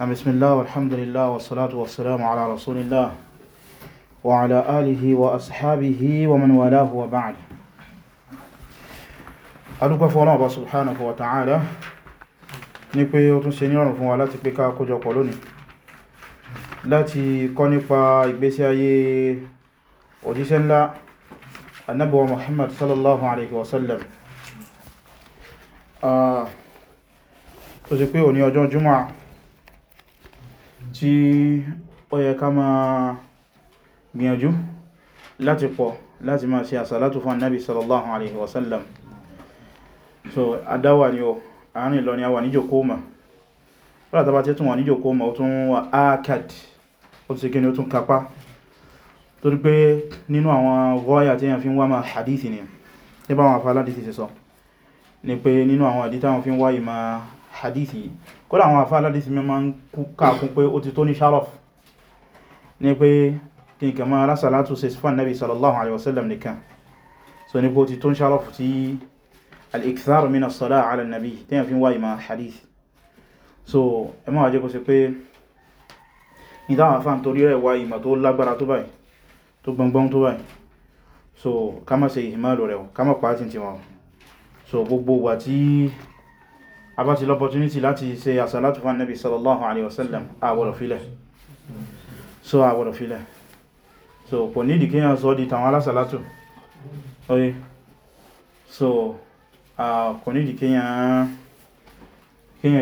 بسم الله والحمد لله والصلاة والسلام على رسول الله وعلى آله وأصحابه ومن والاه وبعد adúgbà fún ọlọ́ọ̀bá subhanahu wa ta'ala ní pé ó tún ṣe ní ọ̀rùn fún wa láti pé ká kójọpọ̀ lónìí láti kọ́ nípa ìgbésí ayé òjíṣẹ́ ńlá ànábì Muhammad sallallahu alaihi wasallam ah, tó sì pé òní ọjọ́ juma'a tí ó yẹ ká máa gbìyànjú láti pọ̀ láti máa ṣe àsàlátù fún annabi sallallahu alaihi wasallam so adáwà ni o àárín lọ ni a wà ní jòkóòmà rárá tàbá tí tún wà ní jòkóòmà ó tún wà ákàd ó ti gíní ó tún kapá torí pé nínú àwọn vọ́ọ̀yà tí yàn fi ń wá máa hadithi ni nípa àwọn afẹ́ aládìsí ti sọ ni pé nínú àwọn àdítà wọn fi ń wá ìmá hadithi kódà àwọn àfáà aládìsí mẹ́ máa ń kàkún pé ó ti tó ní sharaf ní pé kí n kẹmọ́ alásàlátù sí fún sallallahu alaihi wasallam nìkan so ní pé ó ti tó ní sharaf ti al-ikthar min as-salah ala nabi tí wá ìmọ̀ hadith so ẹ máa jẹ́ kó ṣe pé ìdáwọn àfáà nítorí rẹ̀ wá ìmọ̀ tó lágbára tó báyìí tó gbọngbọ́n tó báyìí so ká má ṣe ìhìmọ̀ lò rẹ̀ ká má wọn so gbogbo wà tí abá ti l'opportunity láti ṣe àsàlátù fún Nabi sallallahu alaihi wasallam àwọ̀rọ̀ filẹ̀ so àwọ̀rọ̀ filẹ̀ so kò ní ìdíkíyàn sọ di tàwọn alásàlátù oye so kò ní ìdíkíyàn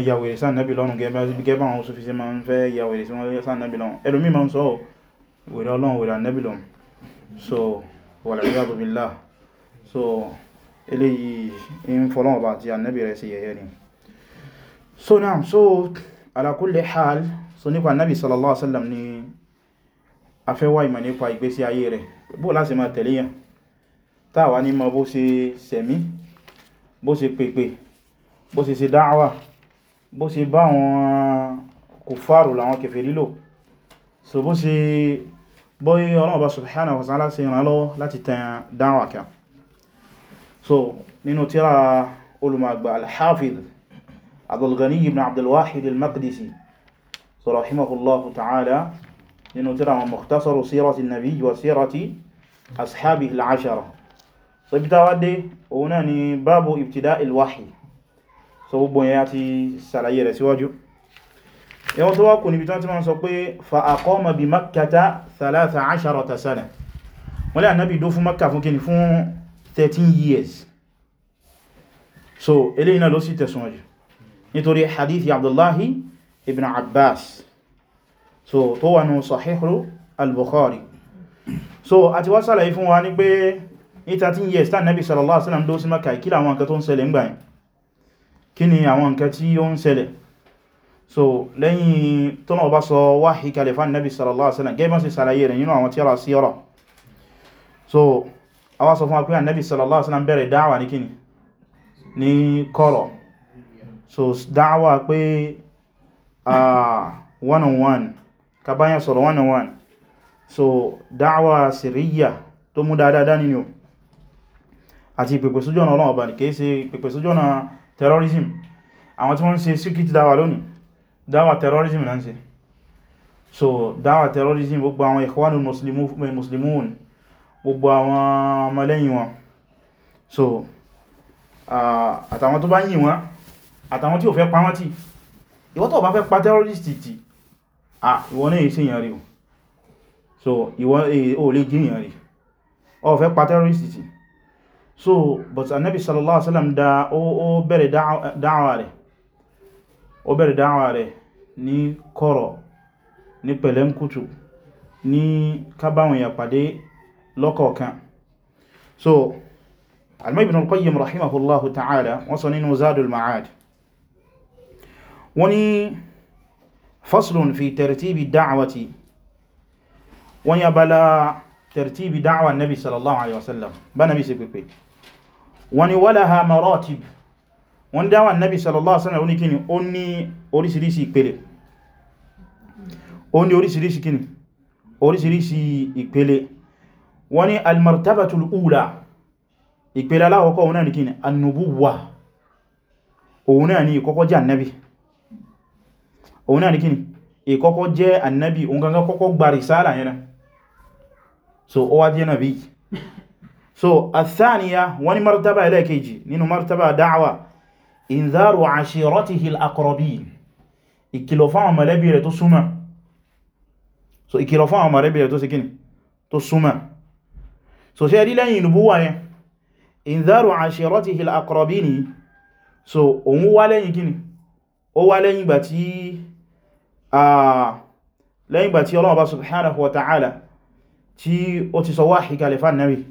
yàwèrè sáà Nabi lọ́rùn gẹ́bà àwọn oṣù fi se ma ń fẹ́ yàwèrè sáà Nabi lọ́rùn ẹlòmí ma ń sọ wèrè ọlọ́run wèrè Nabi lọ́rùn so wal-'iyadhu billah so eléyìí ń fọ́lọ́wọ́ bá ti Ànábì rẹ̀ sí ni so naam so ala kulli hal so nípa nabi sallallahu alaihi wasallam ni a fẹ́ wá ìmọ̀ nípa ìgbésí ayé rẹ̀ bó láti máa tẹ̀lé yàn táàwà ní ma bó ṣe sẹ̀mí bó ṣe pèpè bó ṣe ṣe dáwà bó ṣe bá wọn kùfàrù làwọn kẹfẹ̀ lílò so bó ṣe bóyí ọlọ́wọ́ bá subhanahu wa ta'ala ṣe ìrànlọ́wọ́ láti tẹ̀ dáwà kan so nínú tíra olùmọ̀gbà al-Hafidh عبد الغني بن عبد الواحد المقدسي رحمه الله تعالى إنه ترى مختصر سيرة النبي وسيرة أصحابه العشرة سبتا ودي هنا باب ابتداء الوحي سبب ياتي سلاية سواجه yawon tó wá kò níbi tán tí wọ́n sọ pé fa'akọ́mọ̀ bí makata 13 sana wọ́n lè ànábì dó fún makka fún kíni fún 13 years so eléyìí náà ló sì tẹ̀sùn ọjọ́ nítorí hadithi abdullahi ibn abbas so tó wà ní sahihu al-bukhari so a ti wá sàlàyé fún wa ní pé ní 13 years tán nabi sallallahu alaihi dó sí maka kí àwọn nǹkan tó ń ṣẹlẹ̀ ń kí ni àwọn nǹkan tí ó ń ṣẹlẹ̀ so lẹ́yìn tó náà bá sọ wáhí kalẹ̀ fún nabi sallallahu alaihi wasallam so a wá sọ fún so dáwà pé ah, one on one kàbáyàn sọ̀rọ̀ one on one so dáwà sirriya tó mú dáadáa nínú àti pẹ̀pẹ̀ sójú ọ̀nà ọlọ́wọ̀ bàní kìí ṣe pẹ̀pẹ̀ sójú ọ̀nà terrorism àwọn tí wọ́n ń ṣe síkìtì dáwà lónìí dáwà terrorism náà ṣe so dáwà terrorism gbogbo àwọn ikhwanul muslimun gbogbo àwọn ọmọlẹ́yìn wọn so ah, àtàwọn tó bá yìn wọn àtàwọn tí ò fẹ́ pa wọ́n tì ìwọ tó bá fẹ́ pa terrorist tì à ìwọ náà èsì èyàn rí o so ìwọ ò lè jí èyàn rí ọ fẹ́ pa terrorist tì so but anabi sallallahu alaihi wasallam da ó bẹ̀rẹ̀ dáwà rẹ̀ ó bẹ̀rẹ̀ dáwà rẹ̀ ní kọ̀rọ̀ ní pẹ̀lẹ́mkútù ní kábáwọn èèyàn pàdé lọ́kọ̀ọ̀kan so al-Imam Ibn al-Qayyim rahimahullahu ta'ala wọ́n sọ Zadul Ma'ad wọ́n ní faslun fi tartibi da'wati wọ́n ya bala tartibi da'wa nabi sallallahu alaihi wasallam ba nabi ṣe pẹ̀pẹ̀ wọ́n ní walaha maratib wọ́n dáwà nabi sallallahu alaihi wasallam ó ní kíni ó ní oríṣiríṣi ìpele ó ní oríṣiríṣi kíni oríṣiríṣi ìpele wọ́n ní almartabatul ula ìpele aláwọ̀kọ́ òun náà annubuwa òun náà ní ìkọ́kọ́ jẹ́ òun náà ní kíni ìkọ́kọ́ jẹ́ annabi òun gangan kọ́kọ́ gba risala yana so ó wá jẹ́ nabi so athaniya wani martaba ẹlẹ́kejì nínú martaba da'wa inzaru ashiratihi al-aqrabin ìkìlọ̀ fáwọn mọ̀lẹ́bí rẹ̀ tó súnmọ́ so ìkìlọ̀ fáwọn mọ̀lẹ́bí rẹ̀ tó síkíní tó súnmọ́ so ṣe rí lẹ́yìn nubuwa yẹn inzaru ashiratihi al-aqrabin so òun wá lẹ́yìn kíni ó wá lẹ́yìn gbà tí lẹ́yìn ìgbà tí Ọlọ́run bá subhanahu wa ta'ala tí ó ti sọ wahyi kalẹ̀ fún Ànábì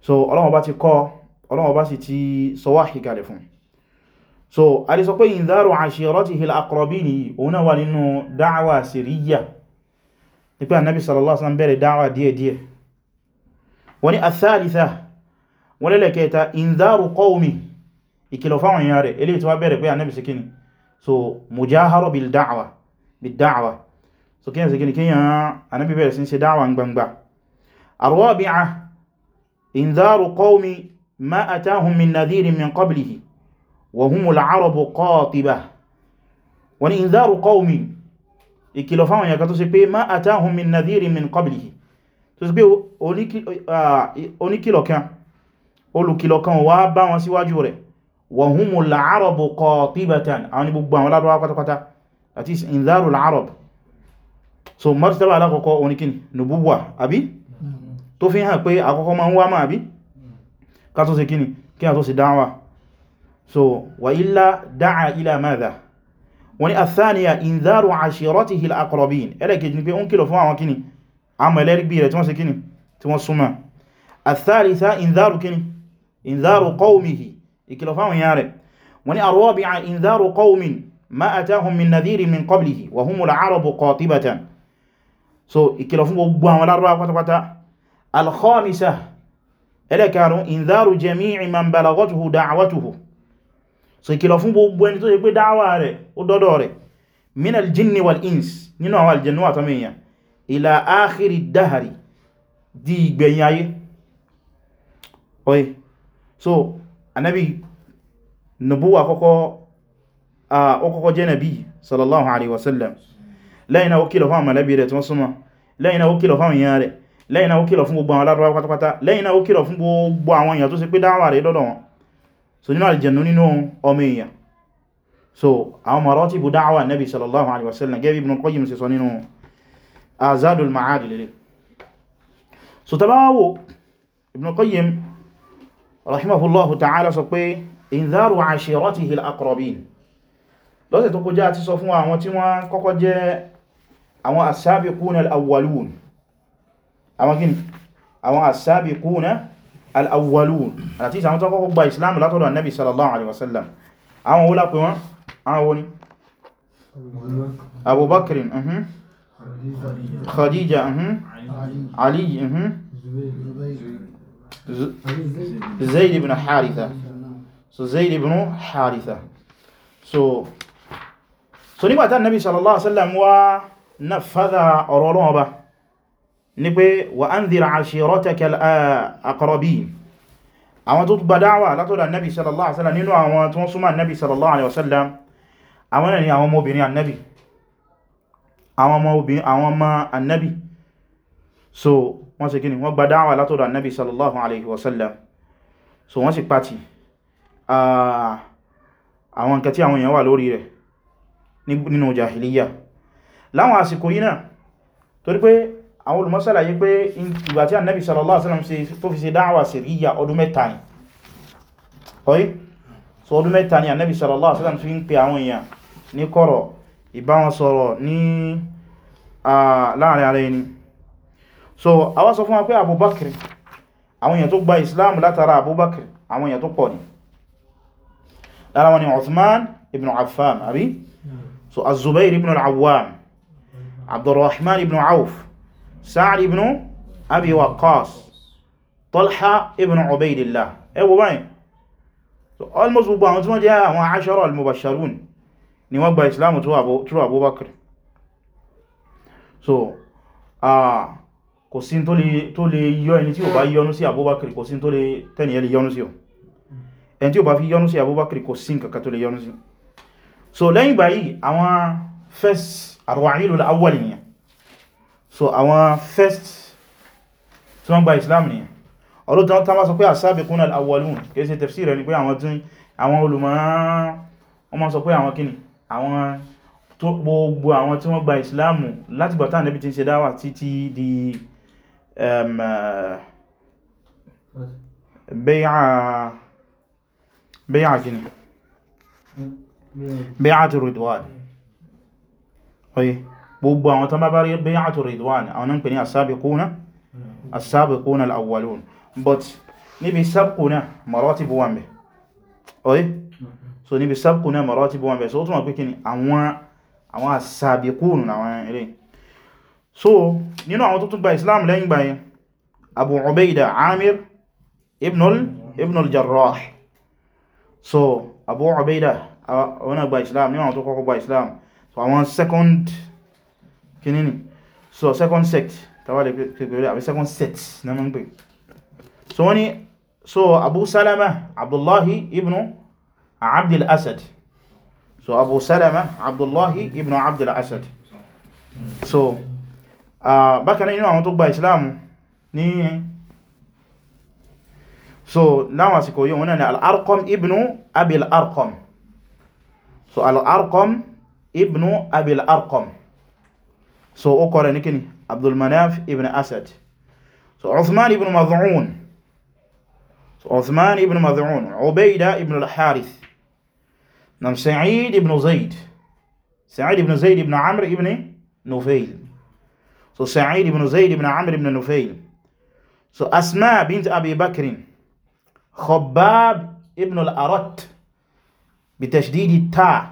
so Ọlọ́run bá ti kọ́ Ọlọ́run bá sì ti sọ wahyi fún so a lè sọ pé indharu ashiratihi al-aqrabini òun náà wà nínú da'wa sirriya ní pé Ànábì sallallahu alaihi wasallam bẹ̀rẹ̀ da'wa díẹ̀díẹ̀ wọ́n ni athalitha wọ́n lẹ́lẹ̀kẹta indharu qawmi so mujahara bil bid-da'wa so kíyàn sí kíyàn anábí bẹ̀rẹ̀ sí ṣe dáwà gbangba ar-rabi'a indharu qawmi ma atahum min nadhirin min qablihi wa humul arabu qatiba wa ni indharu qawmi ìkìlọ̀ fáwọn yàkà tó sì pé ma atahum min nadhirin min qablihi tó sì pé oníkìlọ̀ kan olùkìlọ̀ kan wá bá wọn síwájú rẹ̀ wa humul arabu qatibatan àwọn ni gbogbo pátápátá àti inzaru al so martaba alákọ̀ọ́kọ́ oníkín nubuwa àbí mm-hmm. tó fi hàn pé àkọ́kọ́ ma ń wá máa bí mm-hmm. ká tó kíni kí a tó ṣe dáwà so wa illa da'a ila madha wani athaniya inzaru ashiratihi al-aqrabin ẹlẹ́kejì ni pé ó ń kìlọ̀ fún àwọn kíni àmọ̀ ẹlẹ́rìgbì rẹ̀ tí wọ́n ṣe kíni tí wọ́n súnmọ́ athalitha inzaru kíni inzaru qawmihi ìkìlọ̀ fáwọn yare wani arwabi'a inzaru qawmin ma atahum min nadhiri min qablihi wa humul arabu qatibatan so ìkìlọ̀ fún gbogbo àwọn Lárúbáwá pátápátá al-khamisah ẹlẹ́karùn indharu jami'i man balaghathu da'watuhu so ìkìlọ̀ fún gbogbo ẹni tó ṣe pé dáwà rẹ̀ ó dọ́dọ̀ rẹ̀ min al-jinni wal nubuwa kọ́kọ́ Ah, ó kọ́kọ́ jẹ́ nàbí sallallahu alaihi wasallam lẹ́yìn náà ó kìlọ̀ fún àwọn mọ̀lẹ́bí rẹ̀ tí wọ́n súnmọ́ lẹ́yìn náà ó kìlọ̀ fún àwọn èèyàn rẹ̀ lẹ́yìn náà ó kìlọ̀ fún gbogbo àwọn alárọ̀wá pátápátá lẹ́yìn náà fún gbogbo àwọn èèyàn tó ṣe pé dáwà rẹ̀ lọ́dọ̀ wọn so nínú àlìjẹ̀nú nínú ọmọ èèyàn so àwọn maratibu dáwà nabi sallallahu alaihi wasallam gẹ́bí ibn Qayyim ṣe sọ nínú azadul ma'ad lere so tabawo ibn Qayyim rahimahullahu ta'ala sọ pé inzaru ashiratihi al-aqrabin lọ́sẹ̀ tó kọjá ti sọ fún àwọn tí wọ́n kọ́kọ́ jẹ́ àwọn as-sabiquna al-awwalun àwọn gini àwọn as-sabiquna al-awwalun àti ìsàwọn tó kọ́kọ́ gba Islam látọ̀dọ̀ annabi sallallahu alaihi wasallam àwọn wọ́n lápẹ́ wọn àwọn wọ́n ni Abu Bakr mhm. Mhm. Mhm. so Zayd ibn Haritha so so nígbàtá nabi sallallahu alaihi wasallam wá na fada ọ̀rọ̀ ọlọ́wọ́ ba ní pé wa anzir ashiratakal aqrabin àwọn tó gba dáwà látọ̀dọ̀ nabi sallallahu alaihi wasallam nínú àwọn tó súnmọ́ nabi sallallahu alaihi wasallam àwọn ni àwọn ọmọbìnrin annabi àwọn ọmọbìnrin àwọn ọmọ annabi so wọ́n sì kíni wọ́n gba dáwà látọ̀dọ̀ annabi sallallahu alaihi wasallam so wọ́n sì pàtì ah, àwọn nǹkan tí àwọn èèyàn wà lórí rẹ̀ nínú jahiliya láwọn àsìkò yìí náà torí pé àwọn olùmọ́sàlá yí pé ìgbà tí annabi sallallahu alaihi wasallam tó fi ṣe dáwà sirriya ọdún mẹ́ta ni ọ̀yí so ọdún mẹ́ta ni annabi sallallahu alaihi wasallam fi ń pe àwọn èèyàn ní so àwọn sọ fún wa pé abubakir àwọn èèyàn tó gba islam látara abubakir àwọn èèyàn tó pọ̀ ni lára wọn so az-Zubayr ibn al-Awwam Abdurrahman ibn Auf Sa'd ibn Abi Waqqas Talha ibn Ubaydillah ẹwọ báyìí so almost gbogbo àwọn tí wọ́n jẹ́ àwọn ashara al-mubashsharun ni wọ́n gba Islamu tó Abubakar so kò sí tó lè yọ ẹni tí ó bá yọnú sí Abubakar kò sí tó lè tẹ́ni ẹ lè yọnú sí ọ ẹni tí ó bá fi yọnú sí Abubakar kò sí nǹkan kan tó lè yọnú sí so lẹ́yìn báyìí àwọn first arwa'ilul awwal nìyàn so àwọn first tí wọ́n gba islam nìyàn ọlọ́dún tán bá sọ pé as-sabiquna al-awwalun kìí ṣe tafsir rẹ̀ ni pé àwọn tún àwọn olùmọ̀ràn wọ́n máa sọ pé àwọn kíni àwọn tó gbogbo àwọn tí wọ́n gba islam láti gbàtà bay'atu ridwan oye gbogbo àwọn tán bá bá rí bay'atu ridwan àwọn náà pè ní as-sabiquna but níbi sabquna maratibu wà mẹ́ oye so níbi sabquna maratibu wà mẹ́ so ó túnmọ̀ pé kí ni àwọn àwọn àwọn eré so nínú àwọn tó tún gba Islam lẹ́yìn gbà yẹn Abu Ubaida Amir ibn al-Jarrah so Abu Ubaida àwọn náà gba islam ní àwọn tó kọ́kọ́ gba islam so àwọn second kìíní ni so second sect tàbí pẹ̀lú àbí second sect na mọ́ ń pè so wọ́n ni so abu salama abdullahi ibn abdul asad so abu salama abdullahi ibn abdul asad so bákan nínú àwọn tó gba islam ní so láwọn àsìkò yíò wọn ni al ibn abil arqam so al-arqam ibn abi al-arqam so ó kọ́ rẹ̀ kíni abdulmanaf ibn asad so uthman ibn mad'un so uthman ibn mad'un ubaida ibn al-harith nam sa'id ibn zayd sa'id ibn zayd ibn amr ibn nufayl so sa'id ibn zayd ibn amr ibn nufayl so asma bint abi bakrin khabbab ibn al-arat بتشديد التاء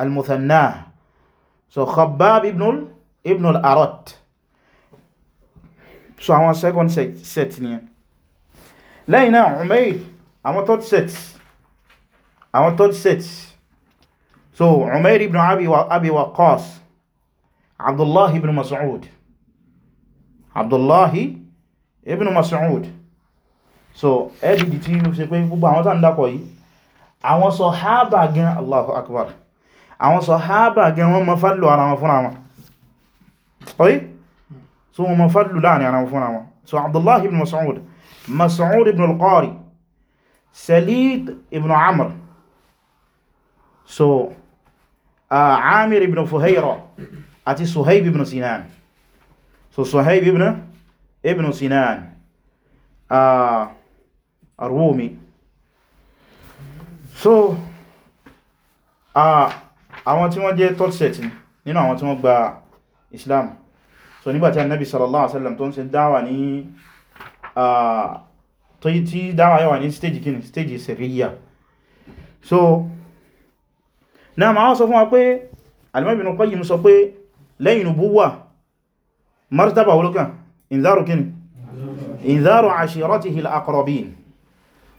المثنى so Khabbab ibn ibn al-Arat so àwọn second set, set ni lẹ́yìn náà I want third set I want third set so Umayr ibn Abi, Abi Waqqas Abdullah ibn Mas'ud Abdullah ibn Mas'ud so ẹ́dìdì tí ó ṣe pé gbogbo àwọn tàn dákọ̀ yìí àwọn sọ̀hábà gan Allahu Akbar àwọn sọ̀hábà gan wọ́n ma fàlù ara wọn fún àwọn ọ̀yí so wọ́n ma fàlù láàrin ara wọn fún àwọn so Abdullahi ibn Mas'ud Mas'ud ibn al-Qari Salid ibn Amr so Amir ibn Fuhayra àti Suhaib ibn Sinan so Suhaib ibn ibn Sinan uh, Ar-Rumi so àwọn tí wọ́n jẹ́ third set nínú àwọn tí wọ́n gba Islam so nígbàtí annabi sallallahu alaihi wasallam tó ń ṣe dáwà ní tó yí tí dáwà yíwa ní stage kìíní stage sẹ̀ríyà so náà ma wọ́n sọ fún wa pé Al-Imam Ibn Qayyim sọ pé lẹ́yìn nubuwa martaba wulukan inzaru kìíní inzaru ashiratihi al-aqrabin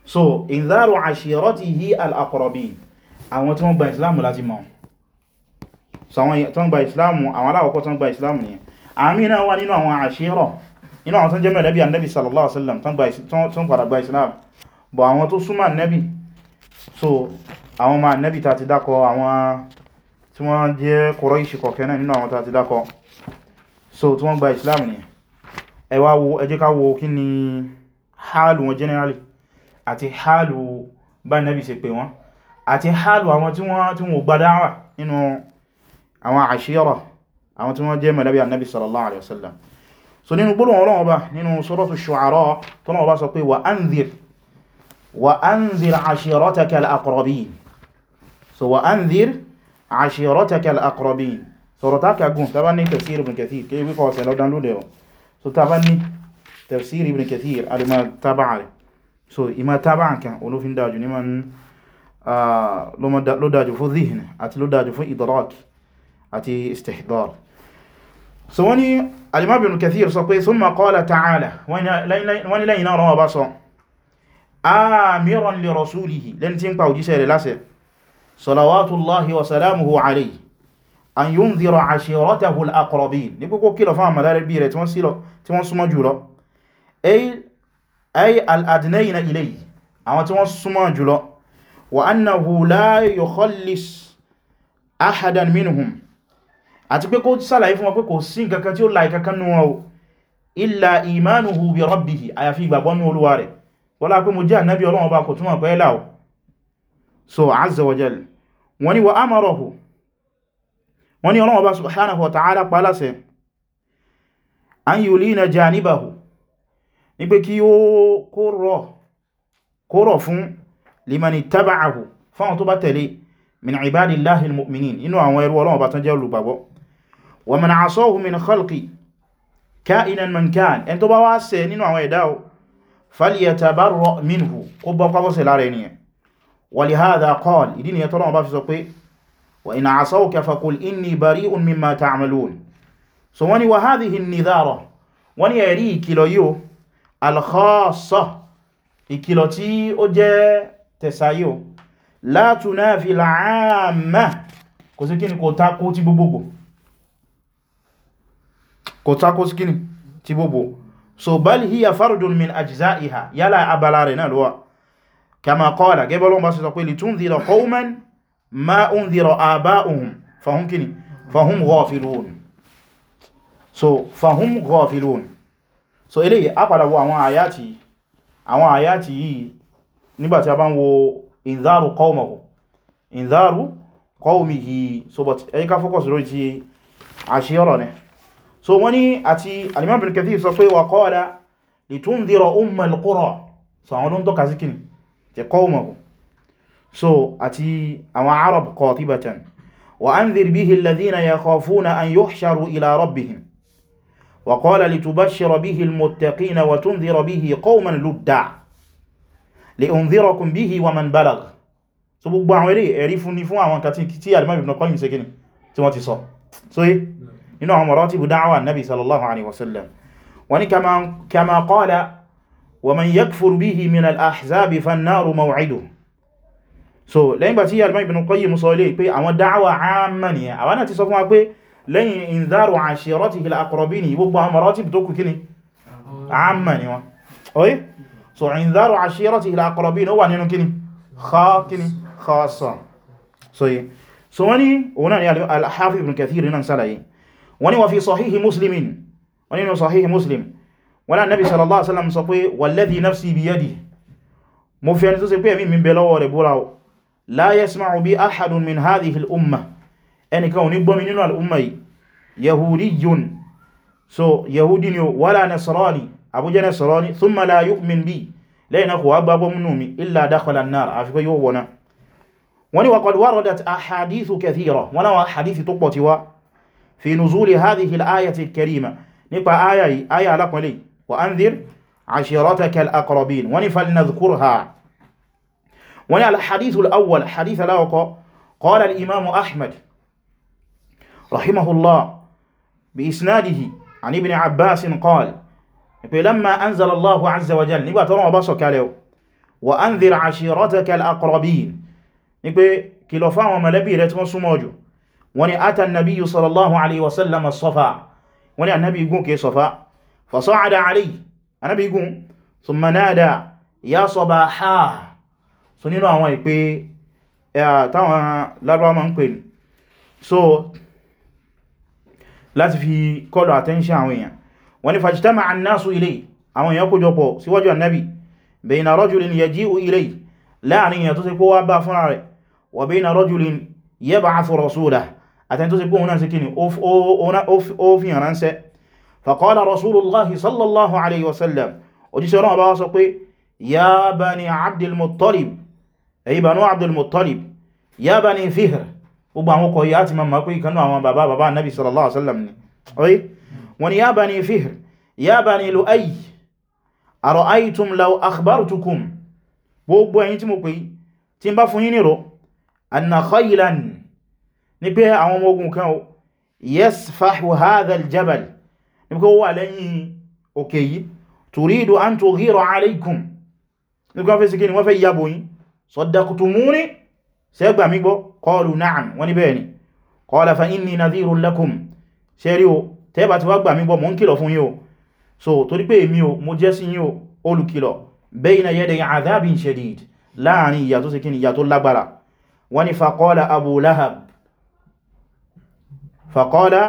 so ìdárò ashiratihi al-aqrabin àwọn tí wọ́n gba ìsìláàmù láti mọ̀ so àwọn tó ń gba ìsìláàmù àwọn aláwọ̀kọ́ tó ń gba ìsìláàmù ni àmì náà wà nínú àwọn àṣírọ̀ nínú àwọn tó jẹ́ mẹ́lẹ́bí annabi sallallahu alaihi wasallam tó ń padà gba ìsìláàmù so àwọn ọmọ annabi ta ti dákọ àwọn tí wọ́n jẹ́ Quraish kọ̀kẹ́ náà nínú àwọn ta so tí wọ́n gba ìsìláàmù ni ẹ wá wo ẹ jẹ́ generally àti hálù bá nẹ́bí ṣe pè wọ́n àti hálù àwọn tí wọ́n tí wọ́n gbadáwà nínú àwọn àṣírọ̀ àwọn tí wọ́n jẹ́ mọ̀lẹ́bí annabi sallallahu alaihi wasallam so nínú gbólóhùn Ọlọ́run Ọba nínú suratu shu'ara tọ́nà Ọba sọ pé wa anzir wa anzir ashirataka al-aqrabin so wa anzir ashirataka al-aqrabin sọ̀rọ̀ táàkì agùn so ìmá tábà nǹkan olófin dájú ní ma ń ló dájú fún zihin àti ló dájú fún idrak àti istihdar so wani alimabin kathir sọ pé summa qala ta'ala wani lẹ́yìn náà rọwọ́ bá sọ amiran li rasulihi lẹ́ni tí ń pa òjíṣẹ́ rẹ̀ lásẹ̀ salawatullahi wa salamuhu alayhi an yundhira ashiratahu al-aqrabin ní kókó kìlọ̀ fún àmàlẹ́rẹ́ bí rẹ̀ tí wọ́n súnmọ́ jùlọ ay al-adnayna ilayhi àwọn tí wọ́n súnmọ́ jùlọ wa annahu la yukhallis ahadan minhum àti pé kó ṣàlàyé fún wọn pé kò sí nǹkankan tí ó la ìkankan nú wọn o illa imanuhu bi rabbihi àyàfi ìgbàgbọ́ nú olúwa rẹ̀ wọ́lá pé mo jẹ́ ànábí ọlọ́run bá kò túnmọ̀ ní pé kí ó kó rọ̀ fún limani taba'ahu fáwọn tó bá tẹ̀lé min ibadillahi almu'minin inú àwọn ẹrú Ọlọ́run bá tán jẹ́ olùgbàgbọ́ wa man asahu min khalqi ka'inan man kan ẹn tó bá wá ṣẹ̀ nínú àwọn ẹ̀dá o falyatabarra minhu kó bọ́ pápọ́sẹ̀ lára ènìyàn wa lihadha qala ìdí ni ẹ̀tọ́lọ́wọ́ bá fi sọ pé wa in asawka faqul inni bari'un mimma ta'malun so wani wa hadhihi nidhara wani ẹ̀rí ìkìlọ̀ yìí alkhọ́ọ̀sọ̀ ìkìlọ̀ tí ó jẹ́ tẹ̀sáyò látúnà fi láàmà kò sí kíni kò takó tí gbogbogbò kò takó sí kíni tí gbogbo so bal hiya fardun min ajza'iha yálà abala rẹ̀ náà lọ́wọ́ kama qala gẹ́bọ́lọ́n bá sọ pé litundhira qauman ma undhira aba'uhum fahum kíni fahum ghafilun so fahum ghafilun so eléyìí a padà wo àwọn àyàtì àwọn àyàtì yìí nígbàtí a bá ń wo inzaru qawmahu inzaru qawmihi so but ẹ̀yí ká focus lórí ti àṣíyọ́rọ̀ ni so wọ́n ni àti al-Imam Ibn Kathir sọ pé wa qala litundhira qura so àwọn olóńtọ́ kazikini ti qawmahu so àti àwọn arab qatibatan wa anzir bihi alladhina yakhafuna an yuhsharu ila rabbihim وقال لتبشر به المتقين وتنذر به قوما لدا لأنذركم به ومن بلغ so gbogbo àwọn eré ẹ̀rí fún ní fún àwọn kàtí tí alimam ibn Qayyim ṣe kíni tí wọ́n ti sọ so yí nínú àwọn maratibu da'wa nabi sallallahu alaihi wasallam wani kama qala wa man yakfur bihi min al-ahzabi fan-naru maw'iduhu so lẹ́yìn bá tí alimam ibn Qayyim sọ ilé pé àwọn da'wa amma ni àwọn náà ti sọ fún wa pé lẹ́yìn inzaru ashiratihi al-aqrabini gbogbo àwọn maratib tó kù kíni àmà ni wọn oye so inzaru ashiratihi al-aqrabini ó wà nínú kíni khassa so yí so wani òun náà ni al-hafiz ibn kathir náà sálàyé wani wà fi sahihi muslimin wani nínú sahihi muslim wani annabi sallallahu alaihi wasallam sọ pé walladhi nafsi biyadihi mo fi ẹni tó ṣe pé ẹ̀mí mi ẹnìkan ò ní gbọ́ nínú al يهودي so yahudi ni o wala nasarani abuja nasarani thumma la yu'min bi lẹ́yìn akọ̀ agbábọ̀ múnú mi illa dakhala an-nar àfikọ́ yóò wọ́ná wọ́n ni wa qad waradat ahadithu kathira wọ́n náwọn hadithi tó pọ̀ ti wá fi nuzuli hadhihi al-ayati al-karima nípa aya yìí aya alákọ̀lẹ̀ wa anzir ashirataka al-aqrabin wọ́n ni falnadhkurha wọ́n ni al-hadithu al-awwal hadith alawakọ̀ qala al-imamu ahmad rahimahullah بإسناده عن ابن عباس قال لما أنزل الله عز وجل نبا ترى بصك له وأنذر عشيرتك الأقربين نبا كيلوفا وملبي رتم سموجو وني أتى النبي صلى الله عليه وسلم الصفا وني النبي يقول كي صفا فصعد عليه النبي يقول ثم نادى يا صباحا سنينو àwọn ìpè eh tàwọn من man pe so láti fi kọlọ̀ attention àwọn èèyàn wọ́n ni fajtama annasu ilay àwọn èèyàn kójọpọ̀ síwájú annabi bayna rajulin yaji'u ilay láàrin èèyàn tó sì kówá bá fúnra rẹ̀ wa bayna rajulin yab'athu rasulah àtẹni tó sì kóhun náà sí kíni ó fi hàn ránṣẹ́ faqala rasulullahi sallallahu alaihi wasallam òjíṣẹ́ ọlọ́run bá wá sọ pé ya bani abdulmuttalib èyí banu gbogbo àwọn ọkọ̀ yá ti ma mọ̀ pé ìkanú àwọn bàbá bàbá annabi sallallahu alaihi wasallam ni oye wani ya bani fihr ya bani lu'ay ara'aytum law akhbartukum gbogbo ẹ̀yin tí mo pè tí n bá fún yín nírò anna khaylan ní pé àwọn ọmọ ogun kan yasfahu hadha aljabal ní pé ó wà lẹ́yìn òkè yìí qalu na'am wọ́n ní bẹ́ẹ̀ ni qala fa inni nadhirun lakum ṣẹ́rí o tẹ́bà ti wá gbà mí bọ́ mọ́ ń kìlọ̀ fún yín o so torí pé èmi o mo jẹ́ sí yín o olùkìlọ̀ bayna yaday adhabin shadid láàrin ìyà tó ṣe ìyà tó lágbára wọ́n ní fa abu lahab fa qala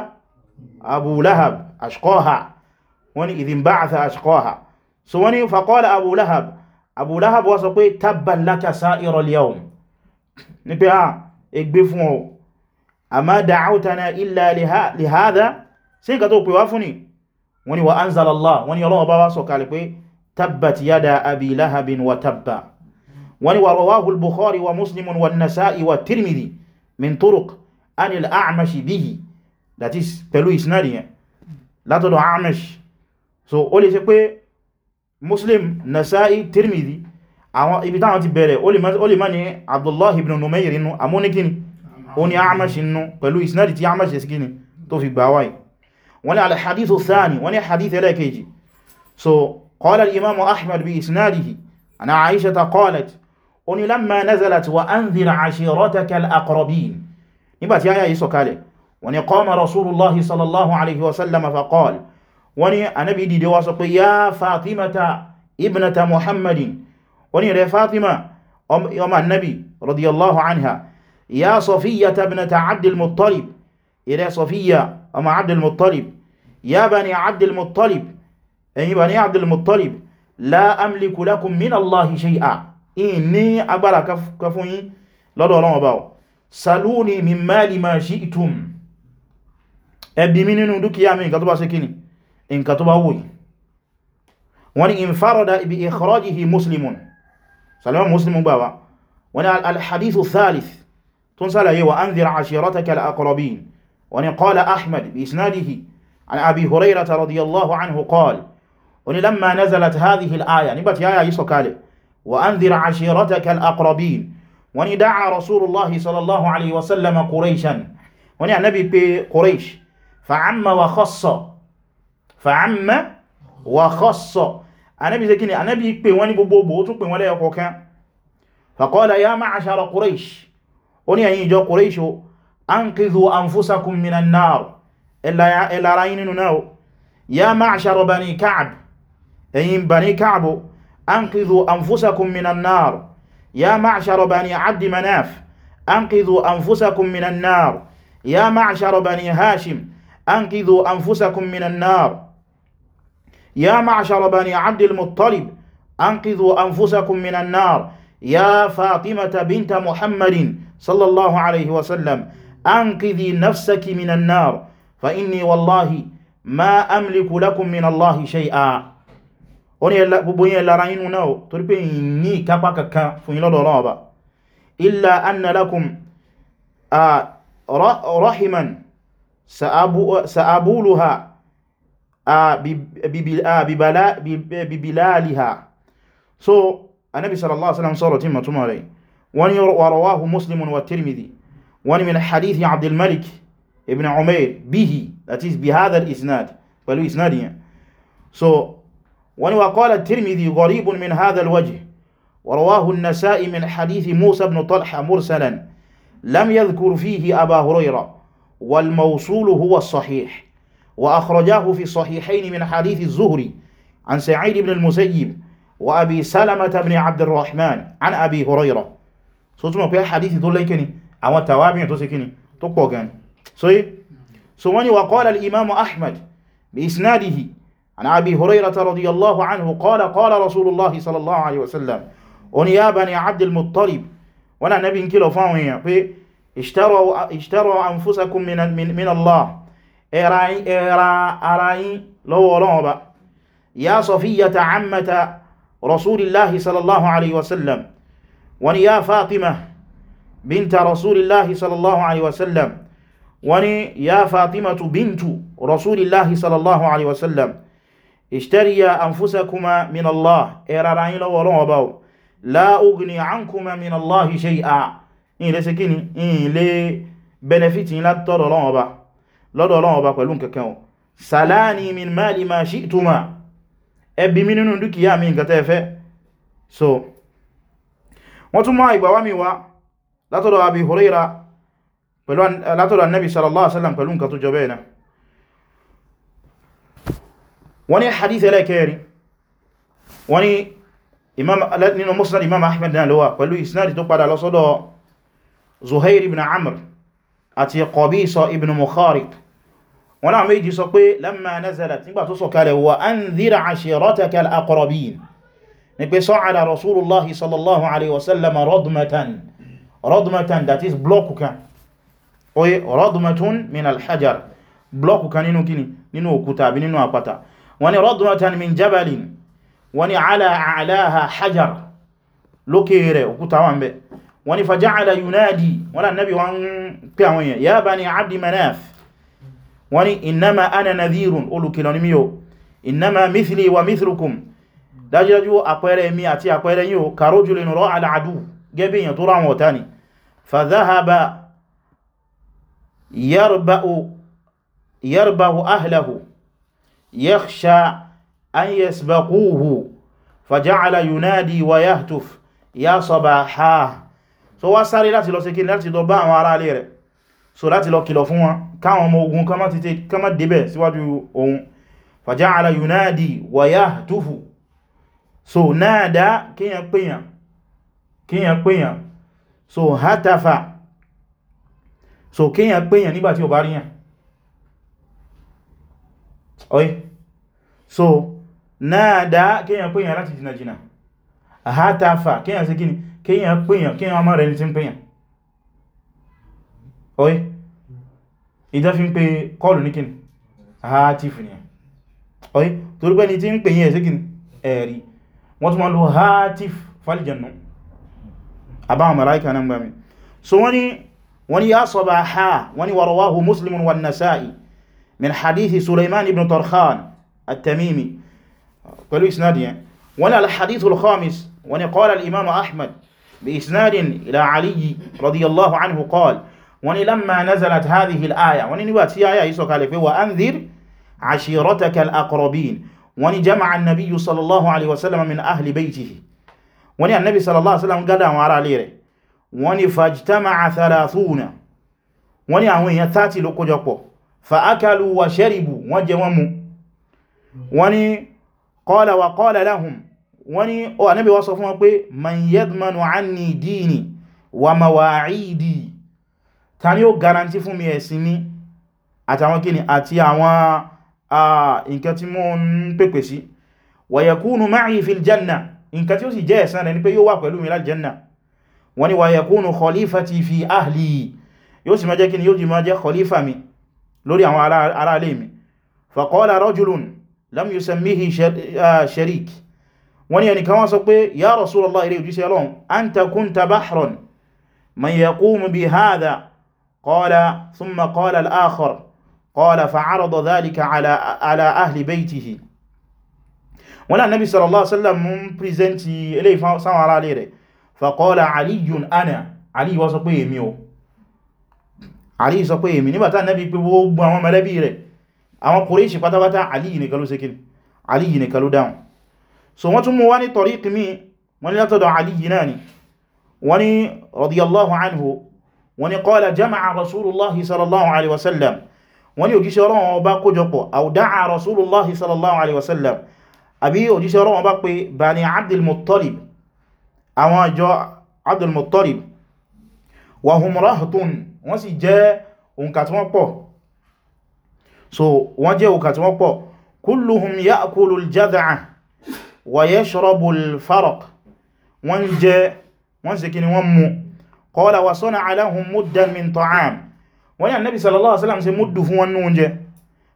abu lahab ashqaha wọ́n ní so wọ́n ní fa abu lahab abu lahab wá sọ pé tabban laka sa'iral yawm pé ah ègbé fún ọ àmá da'awtana illa li hadha sí nǹkan tó pè wá fún ni wọ́n ni wa anzalallah wọ́n ni Ọlọ́run bá wá sọ̀kalẹ̀ pé tabbat yada abi lahabin wa tabba wọ́n ni wa rawahu bukhari wa muslimun wa nasa'i wa tirmidhi min turuq an al-a'mash bihi that is pẹ̀lú isnadiyan látọ̀dọ̀ a'mash so ó lè ṣe pé muslim nasa'i tirmidhi àwọn ibi táwọn ti bẹ̀rẹ̀ ó lè má ní abdullah ibn numayr inú amóníkíní ó ní amash inú pẹ̀lú isnadi tí amash iskini tó fi gbà wáyé wọ́n ní alhadithu thani wọ́n ní hadith ẹlẹ́kejì so qala al-imam ahmad bi isnadihi ana aisha ta qalat ó ní lamma nazalat wa anzir ashirataka al-aqrabin nígbàtí aya yìí sọ̀kalẹ̀ wọ́n ní qama rasulullah sallallahu alaihi wasallam fa qala wọ́n ní anabi dìde wá sọ pé ya fatimata ibnata muhammadin wọ́n ní rẹ̀ Fatima ọmọ annabi radiyallahu anha ya Safiyya tabnata Abdil Muttalib ìrẹ́ Safiyya ọmọ Abdil Muttalib ya bani Abdil Muttalib ẹ̀yin bani Abdil Muttalib la amliku lakum min Allahi shay'a in ní agbára kafún yín lọ́dọ̀ Ọlọ́run Ọba saluni min mali ma shi'tum ẹ bi mí nínú dúkìá mi nǹkan tó bá ṣe kíni nǹkan tó bá wù yín wọ́n ní infarada muslimun سلام مسلم بابا وني الحديث الثالث تنسل يي وانذر عشيرتك الاقربين وني قال احمد باسناده عن ابي هريره رضي الله عنه قال وني لما نزلت هذه الايه نبت يا يسوكال وانذر عشيرتك الاقربين وني دعا رسول الله صلى الله عليه وسلم قريشا وني النبي قريش فعم وخص فعم وخص anábi ṣe kíni anábi pè wọ́n ní gbogbogbò ó tún pè wọ́n le oko kan fa qala ya ma'ashara quraish oni ayin jo quraish o anqidhu anfusakum minan nar illa ya yín nínú náà ya ma'ashara bani Ka'b ayin bani Ka'b anqidhu anfusakum minan nar ya ma'ashara bani abd Manaf anqidhu anfusakum minan nar ya ma'ashara bani Hashim anqidhu anfusakum minan nar يا معشر بني عبد المطلب أنقذوا أنفسكم من النار يا فاطمة بنت محمد صلى الله عليه وسلم أنقذي نفسك من النار فإني والله ما أملك لكم من الله شيئا oni gbogbo yẹn lára inú náà torí pé ní ìkápá kankan fún yín lọ́dọ̀ ọlọ́ọ̀bá illa anna lakum rahiman sa'abuluha bíbíláàlìhà so anábi sallallahu alaihi wasallam sọ́rọ̀ tí ma túnmà rẹ̀ wọ́n yóò warawahu muslim wa tirmidhi wọ́n min hadithi abdulmalik ibn umair bihi that is bihadha isnad pẹ̀lú isnad yẹn so wọ́n wa qala tirmidhi gharibun min hadha alwajh warawahu an-nasa'i min hadithi musa ibn talha mursalan lam yadhkur fihi aba hurayra wal mawsul huwa sahih وأخرجاه في صحيحين من حديث الزهري عن سعيد بن المسيب وأبي سلمة بن عبد الرحمن عن أبي هريرة سوتما في حديث ذلك كني أو التوابع توسكني تقوى كان سوي سواني وقال الإمام أحمد بإسناده عن أبي هريرة رضي الله عنه قال قال رسول الله صلى الله عليه وسلم ونيابني عبد المطلب ونا نبي كيلو فاوين اشتروا, اشتروا أنفسكم من, من, من الله ẹ̀ra ara yín lọ́wọ́ Ọlọ́run Ọba ya Safiyyata ammata rasulillahi sallallahu alaihi wasallam wani ya Fatima binta rasulillahi sallallahu alaihi wasallam wani ya Fatima tu bintu rasulillahi sallallahu alaihi wasallam ishtariya anfusakuma min Allah ẹ̀ra ara yín lọ́wọ́ Ọlọ́run Ọba la ugni ankuma min Allah shay'a in le se kini benefit in la toro Ọlọ́run lọ́dọ̀ Ọlọ́run ọba pẹ̀lú nǹkankan o sàláni min máàlì ma shi'tuma ẹbí mi nínú dúkìá mi nǹkan tẹ́ẹ̀fẹ́ so wọ́n tún máa ìgbàwá mi wá látọ̀dọ̀ Abi Huraira pẹ̀lú látọ̀dọ̀ annabi sallallahu alaihi wasallam pẹ̀lú nǹkan tó jọ bẹ́ẹ̀ náà wọ́n ní hadith ẹlẹ́kẹ́rin wọ́n ní nínú musnad imam ahmed náà lọ́wà pẹ̀lú isnad àti Qabisa ibn Mukharib wọn láwọn méjì sọ pé lamma nazalat nígbà tó sọ̀kalẹ̀ wa anzir ashiratakal aqrabin ni pé sa'ala rasulullahi sallallahu alaihi wasallam radmatan radmatan that is block kan oye radmatun min alhajar block wọ́n ni fàjáàlá yunadi wọ́n nábi wọ́n pè àwọn èèyàn ya bani abdi manaf wọ́n ni innama ana nadhirun olùkìlọ̀ ní míyọ innama mithli wa mithlukum dájájú àpẹẹrẹ mi àti àpẹẹrẹ yíò karójú lè nọ̀rọ̀ aláàdú gẹ́bí èèyàn tó ráwọn ọ̀tá ni fàzáhàbà yarbahu ahlahu yakhsha an yasbaquhu fàjáàlá yunadi wa yahtuf ya sabaha so wá sáré láti lọ síkí láti lọ bá àwọn ará alé rẹ̀ so láti lọ kìlọ̀ fún wọn káwọn ọmọ ogun kọmọ títí kọmọ débẹ̀ síwájú ohun faja'ala yunadi wa yahtufu so náàdá kíyàn pèyàn kíyàn pèyàn so hatafa so kíyàn pèyàn nígbàtí ò bá ríyàn oi so náàdá kíyàn pèyàn láti jìnàjìnà hatafa kíyàn sí kíni kíyàn pèyàn kíyàn ọmọ rẹ̀ ní tí ń pèyàn oi ìdá fi ń pè kọlù ní kíni hátífù ni oi torí pé ní tí ń pèyàn ẹ̀sí kíni ẹ̀rí wọ́n tún ma lo hátífù fàlìjẹ̀nù àbáwọn mẹ́láìkà náà gbàmí so wani wani ya sọba ha wani warawahu muslimun wa nasa'i min hadithi suleiman ibn tarkhan at-tamimi pẹ̀lú isnadiyan wani al khamis wani qala imam ahmad بإسناد إلى علي رضي الله عنه قال وني لما نزلت هذه الآية وني نبات في آية يسوك عليك وأنذر عشيرتك الأقربين وني جمع النبي صلى الله عليه وسلم من أهل بيته وني النبي صلى الله عليه وسلم قال وعلى ليره وني فاجتمع ثلاثون وني أهوين يتاتي لقجقو فأكلوا وشربوا وجوموا وني قال وقال لهم wọ́n ní ó ànábì wá sọ fún wọn pé man yadmanu anni dini wa mawa'idi ta ni ó garanti fún mi ẹ̀sìn mi àtàwọn kíni àti àwọn nǹkan tí mo ń pèpè sí wa yakunu ma'i fil janna nǹkan tí ó sì jẹ́ ẹ̀san rẹ̀ ni pé yóò wà pẹ̀lú mi láti janna wọ́n ní wa yakunu khalifati fi ahli yóò sì máa jẹ́ yóò sì máa khalifa mi lórí àwọn ará mi faqala rajulun lam yusammihi sharik wọ́n ni ẹnìkan wọ́n sọ pé ya Rasulullah ilé òjíṣẹ́ Ọlọ́run anta kunta bahran man yaqumu bi hadha qala thumma qala al-akhar qala fa'arada dhalika ala ala ahli baytihi wọ́n ni annabi sallallahu alaihi wasallam mún pírẹsẹ̀ntì ilé ìfáwọn ará rẹ̀ faqala aliyun ana ali wọ́n sọ pé èmi o ali sọ pé èmi nígbàtá annabi pé gbogbo àwọn mẹ́lẹ́bí rẹ̀ àwọn Quraysh so wọ́n tún mú wá ní tariq mi wọ́n ní látọ̀dọ̀ Ali yìí náà ni wọ́n ní radiyallahu anhu wọ́n ní qala jama'a rasulullahi sallallahu alaihi wasallam wọ́n ní òjíṣẹ́ Ọlọ́run ọba kójọpọ̀ àwùdáà rasulullahi sallallahu alaihi wasallam àbí òjíṣẹ́ Ọlọ́run ọba pé bani Abdul Muttalib àwọn àjọ Abdul Muttalib wa hum rahtun wọ́n sì jẹ́ òǹkà tí wọ́n pọ̀ so wọ́n jẹ́ òǹkà tí wọ́n pọ̀ kulluhum ya'kulu al-jad'a wa yashrabul faraq wọ́n jẹ wọ́n sì kí ni wọ́n mú qala wa sana'a lahum muddan min ta'am wọ́n ni annabi sallallahu alaihi wasallam ṣe muddu fún wọn oúnjẹ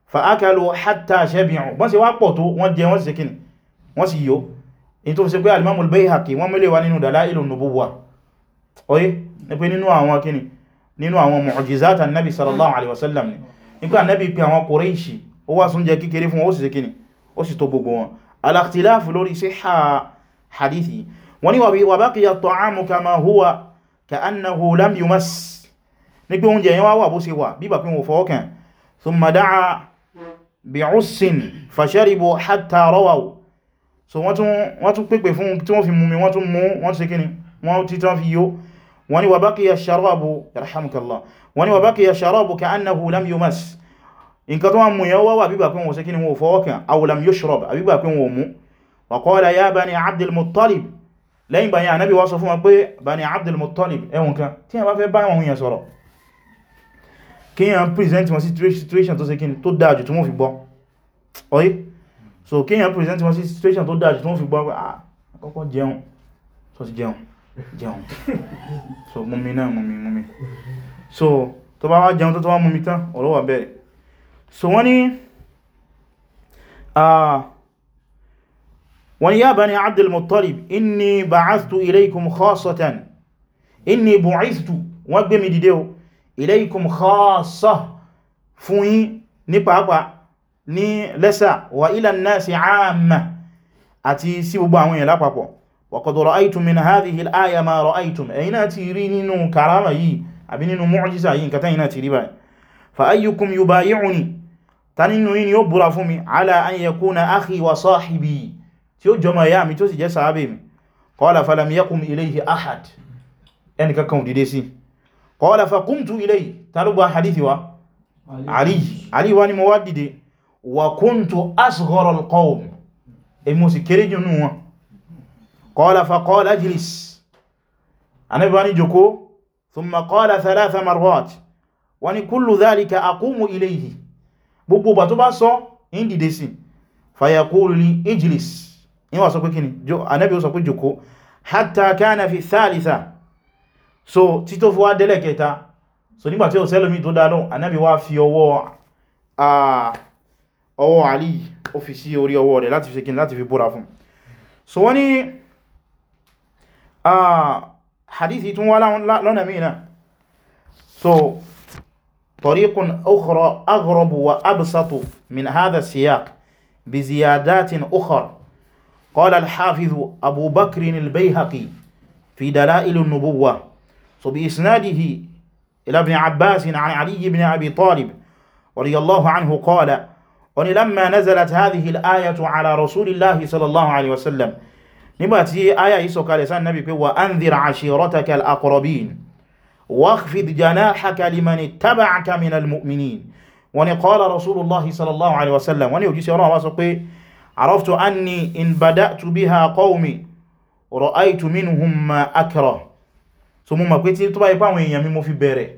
fa akalu hatta shabi'u wọ́n sì wá pọ̀ tó wọ́n jẹ wọ́n sì kí ni wọ́n sì yó in tó fi ṣe pé al-imam al-Bayhaqi wọ́n mẹ́lẹ̀ wá nínú dalailu nubuwa ó wá sún jẹ fún ó sì kí ó sì tó gbogbo wọn al-ikhtilaf lórí sihha hadithi wọ́n ní wa baqiya at-ta'amu kama huwa ka'annahu lam yumass ní pé oúnjẹ yẹn wá wà bó ṣe wà bí bàkún òfò ọkàn thumma da'a bi'ussin fasharibu hatta rawaw so wọ́n tún pèpè fún tí wọ́n fi mú mi wọ́n nǹkan tó wọ́n mú yẹn wọ́wà bígbà pé wọ́n ṣe kí ni wọ́n fọ́ọ̀kàn awulam yushrab àbígbà pé wọ́n mú wa qala ya bani Abdul Muttalib lẹ́yìn bani anábi wá sọ fún wọn pé bani Abdul Muttalib ẹwùn kan tí yẹn bá fẹ́ bá wọn yẹn sọ̀rọ̀ kí yẹn present wọn situation tó ṣe kí ni tó dáa jù tó wọ́n fi gbọ́ so kí yẹn present wọn situation tó dáa jù tó wọ́n fi gbọ́ ah, àkọ́kọ́ jẹun so mumi náà so tó bá wá jẹun tó tó wá mumi tán ọ̀rọ̀ bẹ̀rẹ̀ so wọ́n ni uh, wọ́n ni ya bani Abdul Muttalib inni ba'athtu ilaykum khassatan inni bu'ithtu wọ́n gbé mi dìde o ilaykum khassa fún yín ní pàápàá ní lẹ́sà wa ila an-nasi 'amma àti sí gbogbo àwọn èèyàn lápapọ̀ wa qad ra'aytum min hadhihi al ma ra'aytum ẹ̀yin náà ti rí nínú karama yìí àbí nínú mu'jiza yìí nǹkan tẹ́yìn náà ti rí báyìí fa ayyukum yubayi'uni ta nínú yín ni ó búra fún mi ala an yakuna akhi wa sahibi tí ó jọmọ ya mi tó sì jẹ́ sàábẹ̀ mi qala falam yakum ilayhi ahad ẹni kankan dìde sí qala fa qumtu ilayhi tarugba hadithi wa ali ali wa ni mo wá dìde wa kuntu asghara alqawm wani kullu dhalika aqumu ilayhi gbogbo ọba tó bá sọ in dìde sí fayakulu li ijlis in wà sọ pé kíni Ànábì ó sọ pé jòkó hatta kana fi thalitha so tí tó fi wá délẹ̀ kẹta so nígbàtí ó sẹ́lómi tó dánú Ànábì wá fi ọwọ́ ọwọ́ Ali o fi sí orí ọwọ́ rẹ̀ láti fi kíni láti fi búra fún so wọ́n ni hadithi tún wá lọ́nà mìíràn so طريق أخرى أغرب وأبسط من هذا السياق بزيادات أخر قال الحافظ أبو بكر البيهقي في دلائل النبوة فبإسناده إلى ابن عباس عن علي بن أبي طالب رضي الله عنه قال ولما نزلت هذه الآية على رسول الله صلى الله عليه وسلم نبات آية يسوك لسان النبي وأنذر عشيرتك الأقربين واخفض جناحك لمن اتبعك من المؤمنين وني قال رسول الله صلى الله عليه وسلم وني وجيسي الله واسقه عرفت أني إن بدأت بها قومي رأيت منهم ما أكره so mo mọ̀ pé tí tó bá ipá àwọn èèyàn mi mo fi bẹ̀rẹ̀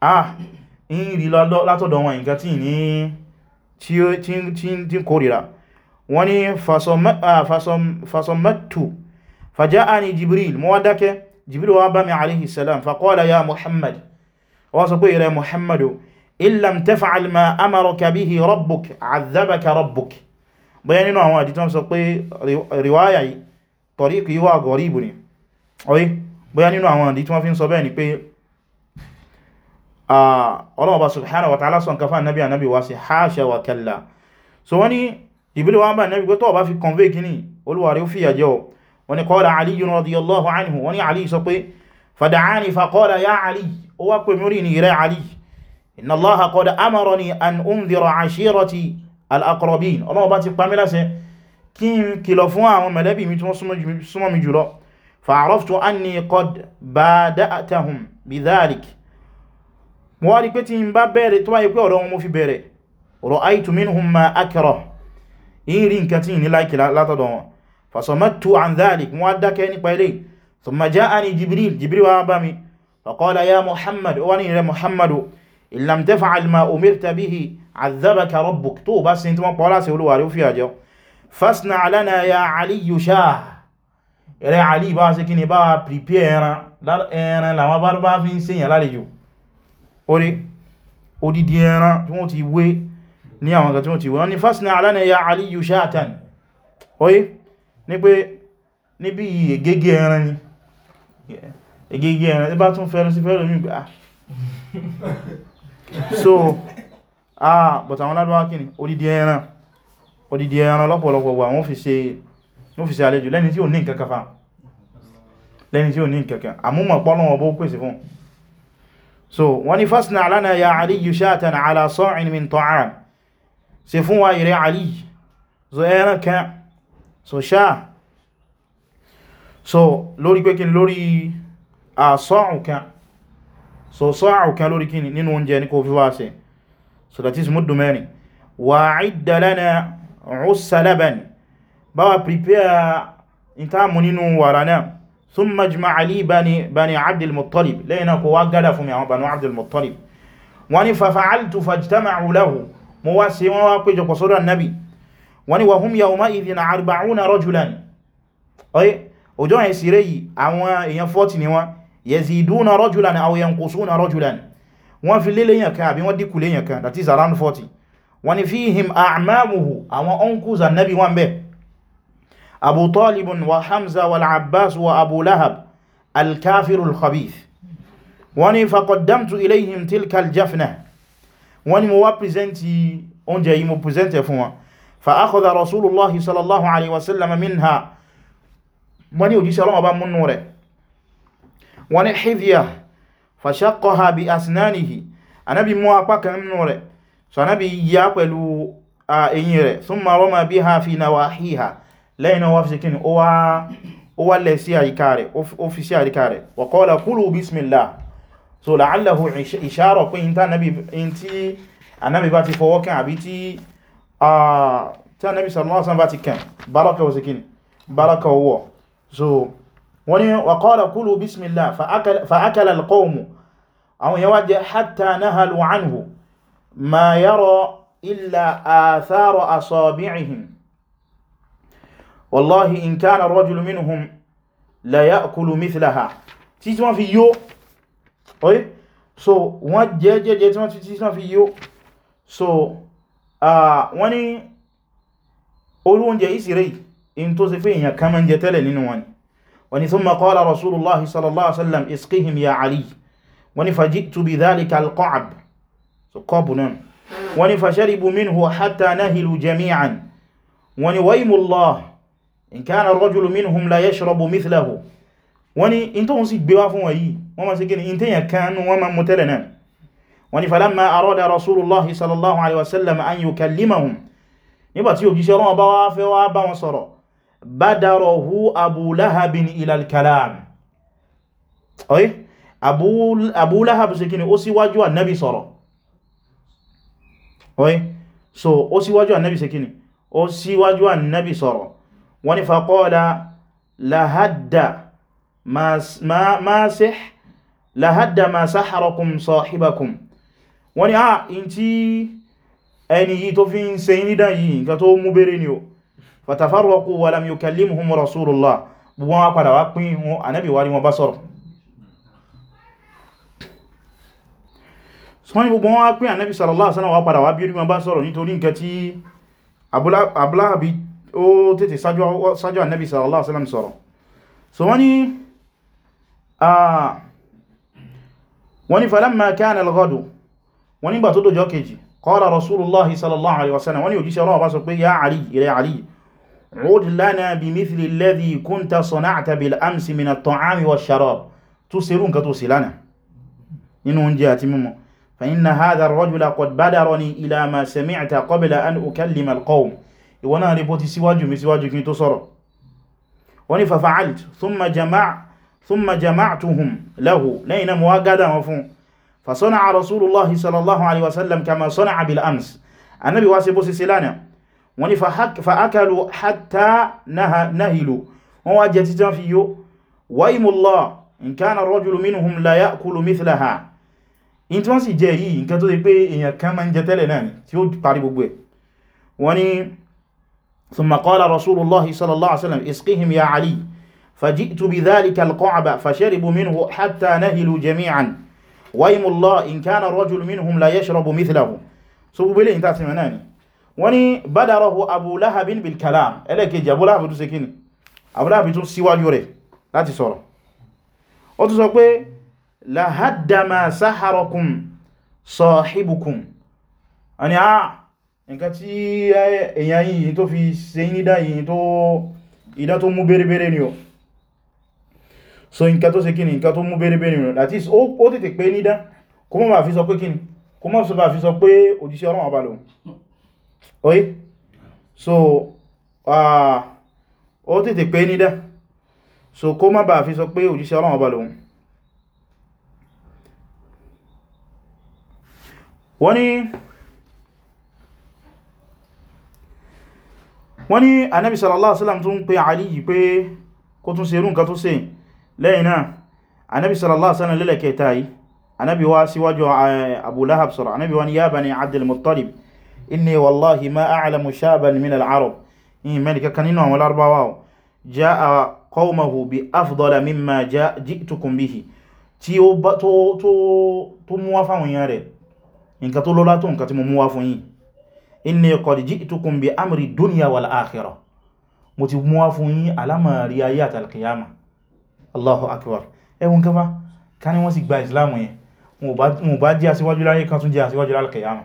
ah in rí látọ̀dọ̀ wọn nǹkan tí ní tí ń kórìíra wọ́n ni fasọmọ́tù fàjá àni jibril wá bá mi alayhi salam faqala ya muhammad wọ́n sọ pé ìrẹ muhammadu illam taf'al ma amaraka bihi rabbuk azabaka rabbuk bẹ́yẹ nínú àwọn àdítọ́ sọ pé riwaya yìí tariqi wà gọ̀ríbù ni oye bẹ́yẹ nínú àwọn àdítọ́ fi ń sọ bẹ́ẹ̀ ni pé ah, ọlọ́ọ̀bá subhanahu wa ta'ala sọ nǹkan fún nabi anabi wa si hasha wa kalla so wani jibril wá bá nabi pé tó fi convey kini olúwa rẹ̀ ó fìyà jẹ́ o wọ́n ni qala Aliyyun radiyallahu anhu wọ́n ni Ali sọ pé fada'ani faqala ya Ali ó wá pè múrí ní rẹ̀ Ali inna Allaha qad amarani an undhira ashirati al-aqrabin ọlọ́wọ́ bá ti pàmí láṣẹ kí n kìlọ̀ fún àwọn mẹ̀lẹ́bí fasamattu an dhalik wọ́n dákẹ́ nípa ilé thumma ja'ani jibril jibril wá bá mi faqala ya muhammad wọ́n ni rẹ̀ muhammadu in lam taf'al ma umirta bihi azabaka rabbuk tó bá sin tí wọ́n pọ́lá sí olúwa rí ó fi àjọ fasna lana ya aliyu shah rẹ̀ ali bá sí kí ni bá prepare ẹran làwọn bá bá fi ń sèyàn lálejò orí odidi ẹran tí wọ́n ti wé ní àwọn kan tí wọ́n ti wé ni fasna lana ya aliyu shatan oye ní pé níbi ègégé ẹran ni ègégé ẹran tí bá tún fẹ́rẹ sí fẹ́rẹ mi gbà ah. so ah but àwọn ládọ́wà kí ni odidi ẹran odidi ẹran lọ́pọ̀lọpọ̀ wà wọ́n fi ṣe àlejò lẹ́ni tí ò ní nǹkan kafa lẹ́ni tí ò ní nǹkan àmúmọ̀ pọ́lọ́wọ́ bó pèsè fún so wọ́n ni fasna lana ya aliyu shatan ala sa'in min ta'am ṣe fún so ṣá so lórí pé kí lórí àṣọ́ọ̀kan so sọ́ọ̀kan lórí kí nínú oúnjẹ ní kò fi wá ṣe so that is múdù mẹ́rin wa'idda lana ussa laban báwa prepare in táàmù nínú wàrà náà thumma ijma' li bani bani Abdil Muttalib lẹ́yìn náà kò wá gádà fún mi àwọn bani Abdil Muttalib wọ́n fajtama'u lahu mo wá sí wọ́n wá péjọ pọ̀ sọ́dọ̀ wọ́n ni wahum yawma idhin arba'una rajulan oye ojo yẹn sire yìí àwọn èèyàn 40 ni wọ́n yaziduna rajulan aw yanqusuna rajulan wọ́n fi lélé yàn kan àbí wọ́n dínkù lé yàn kan that is around 40 wọ́n fihim a'mamuhu àwọn uncles annabi wọ́n bẹ̀ abu talibun wa hamza wal abbas wa abu lahab alkafirul khabith wọ́n ni faqaddamtu ilayhim tilka aljafna wọ́n ni mo wá presenti oúnjẹ yìí mo presenti fún wọn فأخذ رسول الله صلى الله عليه وسلم منها من وجيسي الله أبا من وني حذية فشقها بأسنانه أنبي مواقك من نوره سنبي يقلو إنيره ثم رمى بها في نواحيها لين وفسكين أوى لسي عكاري أوفسي عكاري وقال كلوا بسم الله so la'allahu ishara pé in tí ànábì bá ti fọwọ́kàn tí a nẹ́bí salmọ́sán bá ti kàn baraka wọ́n sí kí ni baraka wọ́ so wọ́n ni wa qala kulu bismillah fa akala alqawmu àwọn yawa jẹ́ hatta nahalu anhu ma yara illa athara asabi'ihim wallahi in kana so wọ́n ní orú oúnjẹ ìsìrí in tó sì fi èyàn kan mẹ́jẹ tẹ́lẹ̀ nínú wọn wọ́n ní thumma qala rasulullahi sallallahu alaihi wasallam isqihim ya ali wọ́n ní faji'tu bi dhalika alqa'b so kọ́bù náà wọ́n ní fasharibu mithlahu wọ́n in tó ń sì gbé fún wọ̀nyí wọ́n ma sì gini in tẹ́yàn kan wọ́n ma mú tẹ́lẹ̀ náà wọ́n ní falamma arada rasulullahi sallallahu alaihi wasallam an yukallimahum nígbàtí òjíṣẹ́ ọlọ́wọ́ bá wá fẹ́ wá bá wọn sọ̀rọ̀ badarahu abu lahabin ilal kalam oye abu lahab sí kíni ó síwájú annabi sọ̀rọ̀ oye so ó síwájú annabi sí kíni ó síwájú annabi sọ̀rọ̀ wọ́n ní faqala lahadda ma saharakum sahibakum wọ́n ni ah in tí ẹni yìí tó fi ń ṣe nídàn yìí nǹkan tó mú bèèrè ni o fatafarraqu wa lam yukallimhum rasulullah gbogbo wọn padà wá pín wọn ànábì wá rí wọn bá sọ̀rọ̀ wọ́n ni gbogbo wọn wá pín ànábì sallallahu alaihi wasallam wá padà wá bí rí wọn bá sọ̀rọ̀ wọ́n ni ah, falamma kana al wọ́n nígbà tó dòjọ́ kejì qala rasulullahi sallallahu alaihi wasallam wọ́n ní òjíṣẹ́ ọlọ́wọ́ bá sọ pé ya ali ilẹ̀ ali ud lana bi mithli alladhi kunta sana'ta bil amsi min at-ta'ami wa sharab tó serú nǹkan tó sì lánàá nínú oúnjẹ àti mímu fa inna hadha ar-rajula qad badarani ila náà rí bó ti síwájú mi síwájú kí tó sọ̀rọ̀ wọ́n ní fa fa'alt thumma jama'tuhum lahu lẹ́yìn náà mo wá gádà wọn fún فصنع رسول الله صلى الله عليه وسلم كما صنع بالأمس النبي واسي بوسي سيلانيا وني فحك فأكلوا حتى نه نهلوا هو جتتا فيو ويم الله إن كان الرجل منهم لا يأكل مثلها in tí wọ́n sì jẹ́ yìí nǹkan tó ti pé èyàn kan máa ń jẹ tẹ́lẹ̀ náà tí ó parí gbogbo ثم قال رسول الله صلى الله عليه وسلم اسقهم يا علي فجئت بذلك القعب فشربوا منه حتى نهلوا جميعا wáyímúlọ́ ìkánà rọ́jùl minhum la yashrabu mithlahu so gbogbo ilé ìta sinmi náà ni wọ́n ni badarahu abu lahabin bil kalam ẹlẹ́kejì abu lahabi tún ṣe kíni abu lahabi tún síwájú rẹ̀ láti sọ̀rọ̀ ó tún sọ pé lahaddama saharakum so nǹkan tó ṣe kíni nǹkan tó mú bèrè bèrè rìn that is ó tètè pé nídá kó mọ́ bá fi sọ pé kíni kó mọ́ sọ bá fi sọ pé òjíṣẹ́ ọlọ́run ọba lòun oye so ó tètè pé nídá so kó mọ́ bá fi sọ pé òjíṣẹ́ ọlọ́run ọba lòun wọ́n ni wọ́n ni anábi sallallahu alaihi wasallam tún pé Ali pé kó tún ṣe irú nǹkan tó ṣe lẹ́yìn náà anábi sallallahu alaihi wasallam lẹ́lẹ̀ kẹta yìí anábi wá síwájú eh, Abu Lahab sọ̀rọ̀ anábi wá ní ya bani Abdul Muttalib inni wallahi ma a'lamu shaban min al-arab in mẹ́rin kankan nínú àwọn Lárúbáwá ja'a qawmahu bi afdala mimma ji'tukum bihi tí ó mú wá fáwọn èèyàn rẹ̀ nǹkan tó lọ́lá tó nǹkan tí mo mú wá fún yín inni qad ji'tukum bi amri dunya wal mo ti mú wá fún yín alámàrí ayé àtàlkìyàmà Allahu akbar ẹwùn kẹfà ká ní wọ́n sì gba ìsìláàmù yẹn wọn bá jẹ́ aṣíwájú láyé kan tún jẹ́ aṣíwájú lálùkẹ̀yàmù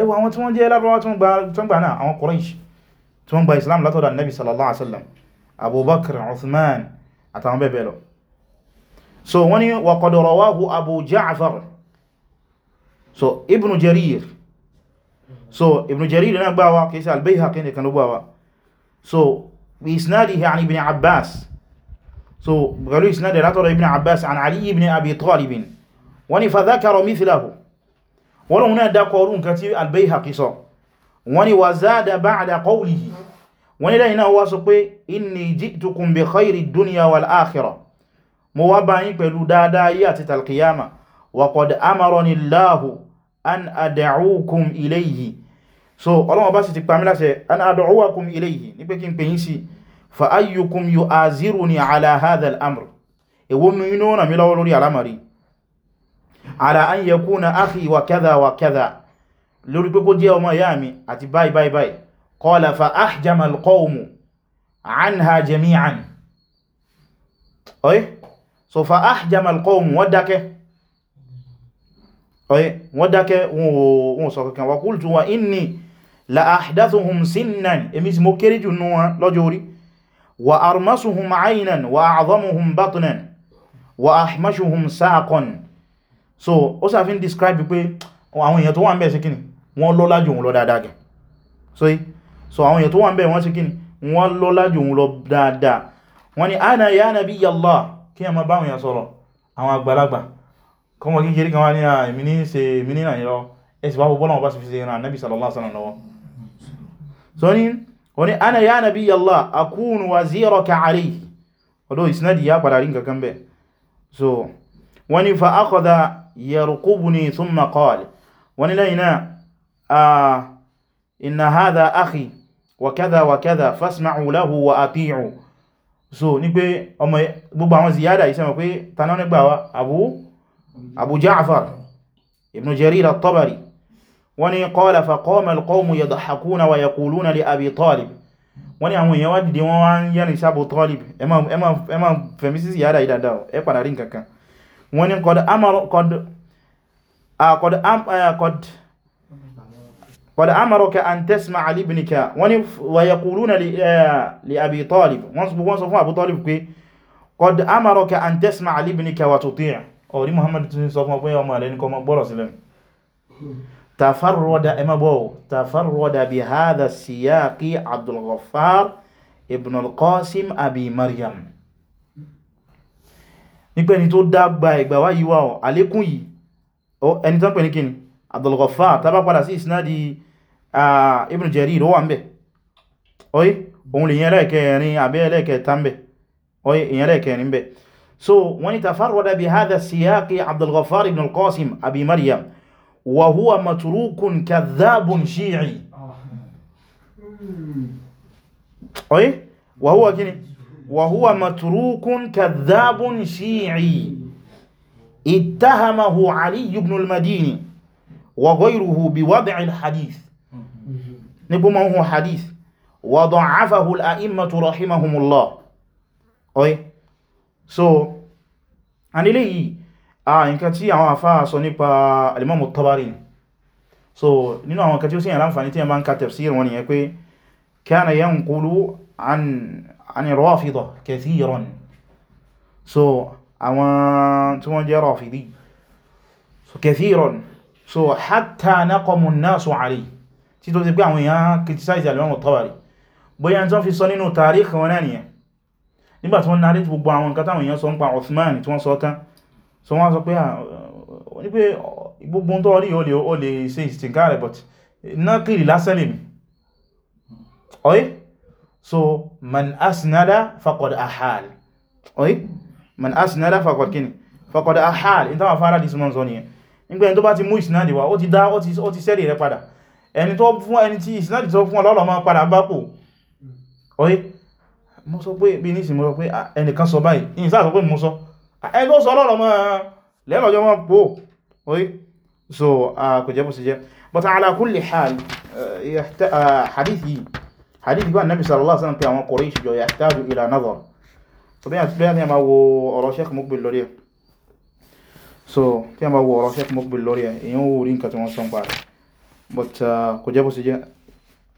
ẹwà àwọn tí wọ́n jẹ́ lábáwá tí wọ́n gbà náà àwọn Quraysh tí wọ́n gba ìsìláàmù látọ̀dọ̀ Nabi sallallahu alaihi wasallam Abubakar Uthman àtàwọn bẹ́ẹ̀ bẹ́ẹ̀ lọ so wọ́n ni wa qad rawahu Abu Ja'far so Ibn Jarir so Ibn Jarir náà gbà wá kìí sí al-Bayhaqi nìkan ló gbà wá so bi isnadihi an Ibn Abbas so pẹ̀lú ìsinadì látọ̀rọ̀ ibn abbas an ali ibn abi talibin wọ́n ni fadhakaro mithilahu wọ́n lóhun náà dákọrù nǹkan tí al-Bayhaqi sọ wọ́n ni wa zada ba'da qawlihi wọ́n ni lẹ́yìn náà wá sọ pé inni ji'tukum bi khayri dunya wal akhirah mo wá bá yín pẹ̀lú dáadáa yí àti talqiyama wa qad amarani Allahu an ad'ukum ilayhi so Ọlọ́hun bá sì ti pa mí láṣẹ an ad'ukum ilayhi ní pé kí n pè yín fa ayyukum yu'aziruni ala hadha al-amr èwo nu inu na mi lọ́wọ́ lórí alamari ala an yakuna akhi wa kadha wa kadha lórí pé kó jẹ́ ọmọ ìyá mi àti báyìí báyìí báyìí qala fa ahjama al-qawmu anha jami'an oye so fa ahjama al-qawmu wọ́n dákẹ́ oye wọ́n kankan wa qultu wa inni la ahdathuhum sinnan èmi sì mo وأرمسهم عينا وأعظمهم بطنا وأحمشهم ساقا so ó sàfin describe pé àwọn èèyàn tó wà ń bẹ̀ sí kíni wọ́n lọ lájú òun lọ dáadáa gẹ̀ so yí so àwọn èèyàn tó wà ń bẹ̀ wọ́n sí kíni wọ́n lọ lájú òun lọ dáadáa wọ́n ni ana ya nabi Allah kí ẹmọ báwọn èèyàn sọ̀rọ̀ àwọn àgbàlagbà kọmọ kékeré kan wá ní àmì ah, ní ṣe mí ní nàìjíríà ẹ̀sì bá bọ́lá wọn bá sì fi ṣe ìran nabi sallallahu alaihi wasallam lọ́wọ́ so ni ó ní ana ya nabi Allah akunu waziraka alayhi ọdọ́ ìsinadi ya padà rí nǹkan bẹ́ so wani fa akhadha yarqubuni thumma qala wani lẹ́yìnà a ah, inna hadha akhi wa kadha wa kadha fasma'u lahu wa ati'u so ní pé ọmọ gbogbo àwọn ziyada ìsẹ́mọ̀ pé tanọ́ nígbà abu ja'far ibn jarir at-tabari wọ́n ní qala faqama alqawmu yadhakuna wa yaquluna li abi talib wọ́n ní àwọn èèyàn wá dìde wọ́n wá ń yẹ́rin sábò talib ẹ ma fẹ̀mí sí yàrá ìdàdà ẹ padà rí nkankan wọ́n ní qad amara an tasma'a li ibnika wọ́n ní wa yaquluna li abi wọ́n sọ fún abu talib pé qad amaraka an tasma'a li ibnika wa tuti' تفرد امبو تفرد بهذا السياق عبد الغفار ابن القاسم ابي مريم nípé ẹni tó dágbà ìgbà wá yíwá ọ̀ alékún yìí ẹni tán pè ní kíni Abdul Ghaffar tàbá padà sí ìsinadi Ibn Jarir ó wà ń bẹ̀ ọ̀yí òun lè yẹn lẹ́ẹ̀kẹrin àbẹ́ ẹlẹ́ẹ̀kẹta ń bẹ̀ ọ̀yí ìyẹn lẹ́ẹ̀kẹrin bẹ̀ so wọ́n ni tafarwada bi hadha siyaqi Abdul Ghaffar ibn al-Qasim abi Maryam wa huwa matrukun kadhabun shi'i oye wa huwa kini wa huwa matrukun kadhabun shi'i اتهمه علي بن المديني وغيره بوضع الحديث نبما هو حديث وضعفه الأئمة رحمهم الله أي so and إليه ah nǹkan tí àwọn àfáà sọ nípa alimamu tabari so nínú àwọn nǹkan tí ó sì yàn láǹfàní tí yàn bá ń ka tafsir wọn nìyẹn pé kana yanqulu an an rafida kathiran so àwọn tí wọ́n jẹ́ rafidi so kathiran so hatta naqamu an-nasu alayhi tí tó ti pé àwọn èèyàn criticize alimamu tabari bóyá tí wọ́n fi sọ nínú tàríkì wọn náà nìyẹn nígbà tí wọ́n narí gbogbo àwọn nǹkan táwọn èèyàn sọ ń pa Uthman tí wọ́n sọ tán so wọ́n sọ pé ah, ní pé gbogbo tó rí o lè ṣe ìsìnká rẹ̀ but nákìrì lásán lè mi ọ̀yí so man asnada faqad ahal ọ̀yí man asnada faqad kíni faqad ahal in tàwà fara dis month ọ̀nìyàn nígbẹ̀ni tó bá ti mú ìsìnádì wá ó ti dá ó ti sẹ́rì rẹ̀ padà ẹni tó fún ẹni tí ìsìnádì tó fún ọlọ́lọ́ máa padà bá pò ọ̀yí mo sọ pé bí nísìn mo sọ pé ah, ẹnìkan sọ báyìí ìyìn sáà sọ pé mo sọ ẹgbẹ́ sọ lọ́rọ̀ mọ́ lẹ́lọ́jọ́ mọ́ bó orí so kò jẹ́ bó sì jẹ́ but ala kulli hal hadithi eh, eh, hadithi bá nabi sallallahu alaihi wasallam pé àwọn Quraysh jọ yahtaju ila nazar so bí i àti ma wo ọ̀rọ̀ Sheikh Muqbil so tí a ma wo ọ̀rọ̀ Sheikh Muqbil lórí ẹ̀ èyàn wo but eh, kò jẹ́ bó sì jẹ́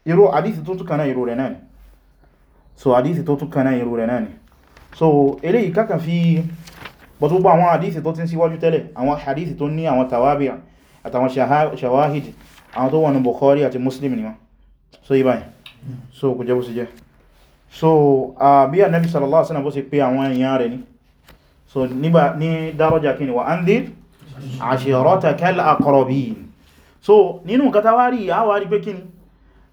irú hadithi tó tún kan náà irú rẹ̀ náà so hadithi tó tún kan so eléyìí kákan fi but gbogbo àwọn hadithi tó ti ń síwájú tẹ́lẹ̀ àwọn hadithi tó ní àwọn tawabi àtàwọn shawahid àwọn tó wọnú bukhari àti muslim ni wọn so yí báyìí so kò jẹ́ bó sì jẹ́ so bí Ànábì sallallahu alaihi wasallam bó sì pé àwọn èèyàn rẹ̀ ni so nígbà ní dárọjà kí ni wa andhir ashiratakal aqrabin so nínú nǹkan tawari àwárí pé kí ni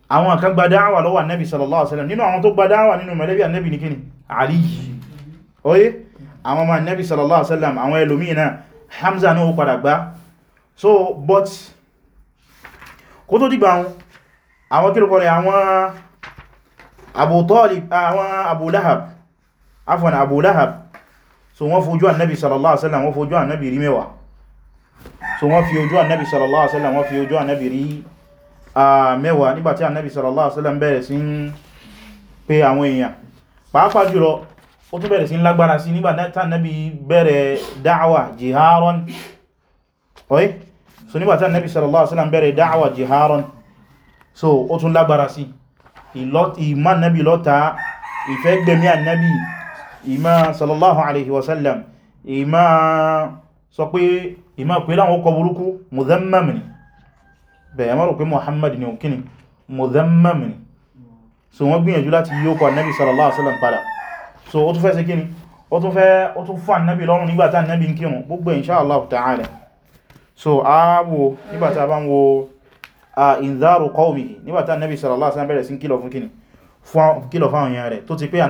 àwọn kan gba dáwà lọ́wọ́ Ànábì sallallahu alaihi wasallam nínú àwọn tó gba dáwà nínú mẹ́lẹ́bí Ànábì ni kí ni Ali oye àwọn ọmọ nẹ́bí sallallahu alaihi wasallam àwọn ẹlòmíì náà Hamza náà ó padà gbá so but kó tó dìgbà wọn àwọn kílùkọ́ rẹ̀ àwọn Abu Talib àwọn Abu Lahab afwan so wọ́n fojú annabi sallallahu alaihi wasallam wọ́n fojú annabi rí mẹ́wàá so wọ́n fi ojú annabi sallallahu alaihi wasallam wọ́n fi ojú annabi rí mẹ́wàá nígbàtí annabi sallallahu alaihi wasallam bẹ̀rẹ̀ sí ń ó tún bẹ̀rẹ̀ sí lágbára sí nígbà tánàbí bẹ̀rẹ̀ dáwà jiharon oi so nígbà tánàbí sallallahu alaihi wasallam bẹ̀rẹ̀ dáwà jiharon so ó tún lágbára sí ìmá nàbí lọ́ta ìfẹ́ gbẹ̀mí ànàbí ìmá sallallahu alaihi wasallam ìmá sọ pé ìmá pé láwọn ọkọ̀ burúkú muzammam ni bẹ̀yẹ̀ mọ́rù pé muhammad ni òkíni muzammam ni so wọ́n gbìyànjú láti yíó kọ ànàbí sallallahu alaihi wasallam padà so ó tún fẹ́ ṣe kíni ó tún fẹ́ ó tún fún ànábì lọ́rùn nígbàtà ànábì ń kírun gbogbo insha Allah ta'ala so a wo nígbàtà bá ń wo a inzaru qawmihi nígbàtà ànábì sallallahu alaihi wasallam bẹ̀rẹ̀ sí kílọ̀ fún kíni fún kílọ̀ fáwọn èèyàn rẹ̀ tó ti pé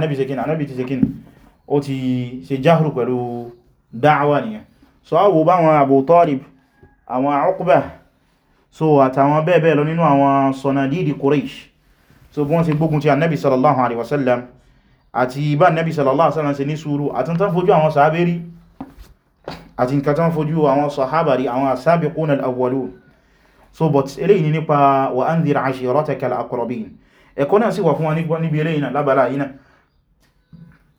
ànábì so a wo báwọn Abu Talib àwọn so àtàwọn bẹ́ẹ̀ bẹ́ẹ̀ lọ so bí wọ́n ti gbógun ti ànábì sallallahu alaihi àti bá nẹ́bí sallallahu alaihi wasallam ṣe ní sùúrù àti tán fojú àwọn sàábé rí àti nǹkan tán fojú àwọn sàhábà àwọn as-sabiquna al so but eléyìí nípa wa anzir ashirataka al-aqrabin ẹ̀kọ́ náà sì wà fún wa níbi eléyìí náà lábàlá yìí náà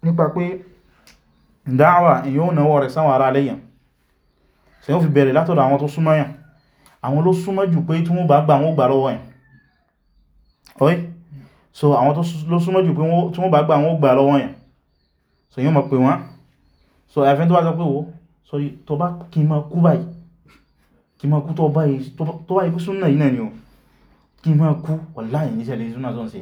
nípa pé dáwà èyàn ò náwọ́ rẹ̀ sáwọn ará lẹ́yìn ṣe so àwọn ló súnmọ́ jù pé tí wọ́n bá gbà wọ́n gbà lọ́wọ́ yẹn so yíò mọ̀ pé wọ́n so ẹ̀fẹ́ tó wá sọ pé wo so tó bá kí ma kú báyìí kí ma kú tó bá yìí tó bá yìí súnà yìí náà ni o kí ma kú wà láyé ní sẹ́lẹ̀ súnà tó ń ṣe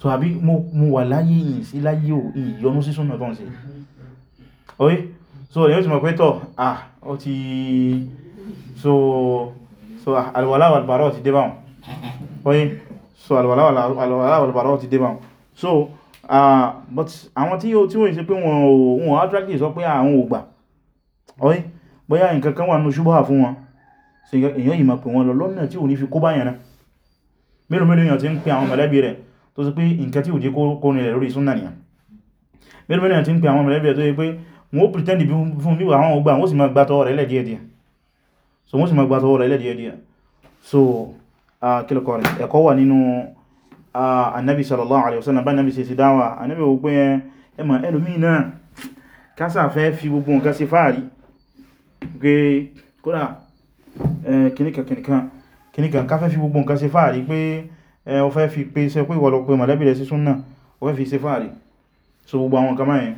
so àbí mo wà láyé yìí sí láyé o ìyọnú sí súnà tó ń ṣe oye so èyí ti mọ̀ pé tọ̀ ah ó ti so so àlùwàlá wal bará ti dé báwọn oye so alwala walbara ti dé báwọn so but àwọn tí ó tí ó ṣe pé wọn ò attractive sọ pé àwọn ò gbà ọ̀yí bóyá nǹkan kan wà nínú ṣubọ́hà fún wọn so èyàn yìí ma pè wọn lọ lọ́nà tí ò ní fi kó báyàn náà mélòó mélòó èyàn ti ń pè àwọn mọ̀lẹ́bí rẹ̀ tó sì pé nǹkan tí ò jẹ́ kó rìnlẹ̀ lórí súnnà nìyàn mélòó mélòó èyàn ti ń pè àwọn mọ̀lẹ́bí rẹ̀ tó yẹ pé wọ́n ó pretend fún bí àwọn ọgbà wọ́n sì ma gbàtọ̀ rẹ̀ lẹ́díẹ̀díẹ̀ so wọ́n sì ma gbàtọ̀ rẹ̀ lẹ́díẹ̀díẹ̀ so Ah, kílùkọ́ rẹ̀ ẹ̀kọ́ wà nínú annabi ah, sallallahu alaihi wasallam bá nabi ṣe sí dáwà annabi wọ́n pín ẹmà ẹlòmí náà kásà fẹ́ fi gbogbo nǹkan sí fàárí pé kódà kìníkàn káfẹ́ fi gbogbo nǹkan sí fàárí pé o fẹ́ fi pé iṣẹ́ pé ìwọ̀lọ́ pé mọ̀lẹ́bí rẹ̀ sí súnnà o fẹ́ fi sí fàárí so gbogbo àwọn nǹkan mẹ́rin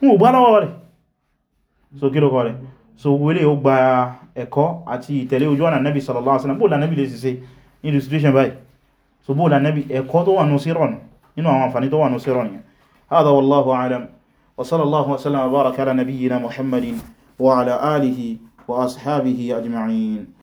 so so kí lókọ rẹ̀ so wílé ó gba ẹ̀kọ́ àti ìtẹ̀lé ojú ọ̀nà nẹ́bí sallallahu alaihi wasallam bóòlà nẹ́bí lè ṣiṣẹ́ ní restitution báyìí so bóòlà nẹ́bí ẹ̀kọ́ tó wà nù sí rọ̀nù nínú àwọn àǹfààní tó wà nù sí rọ̀nù hadha wallahu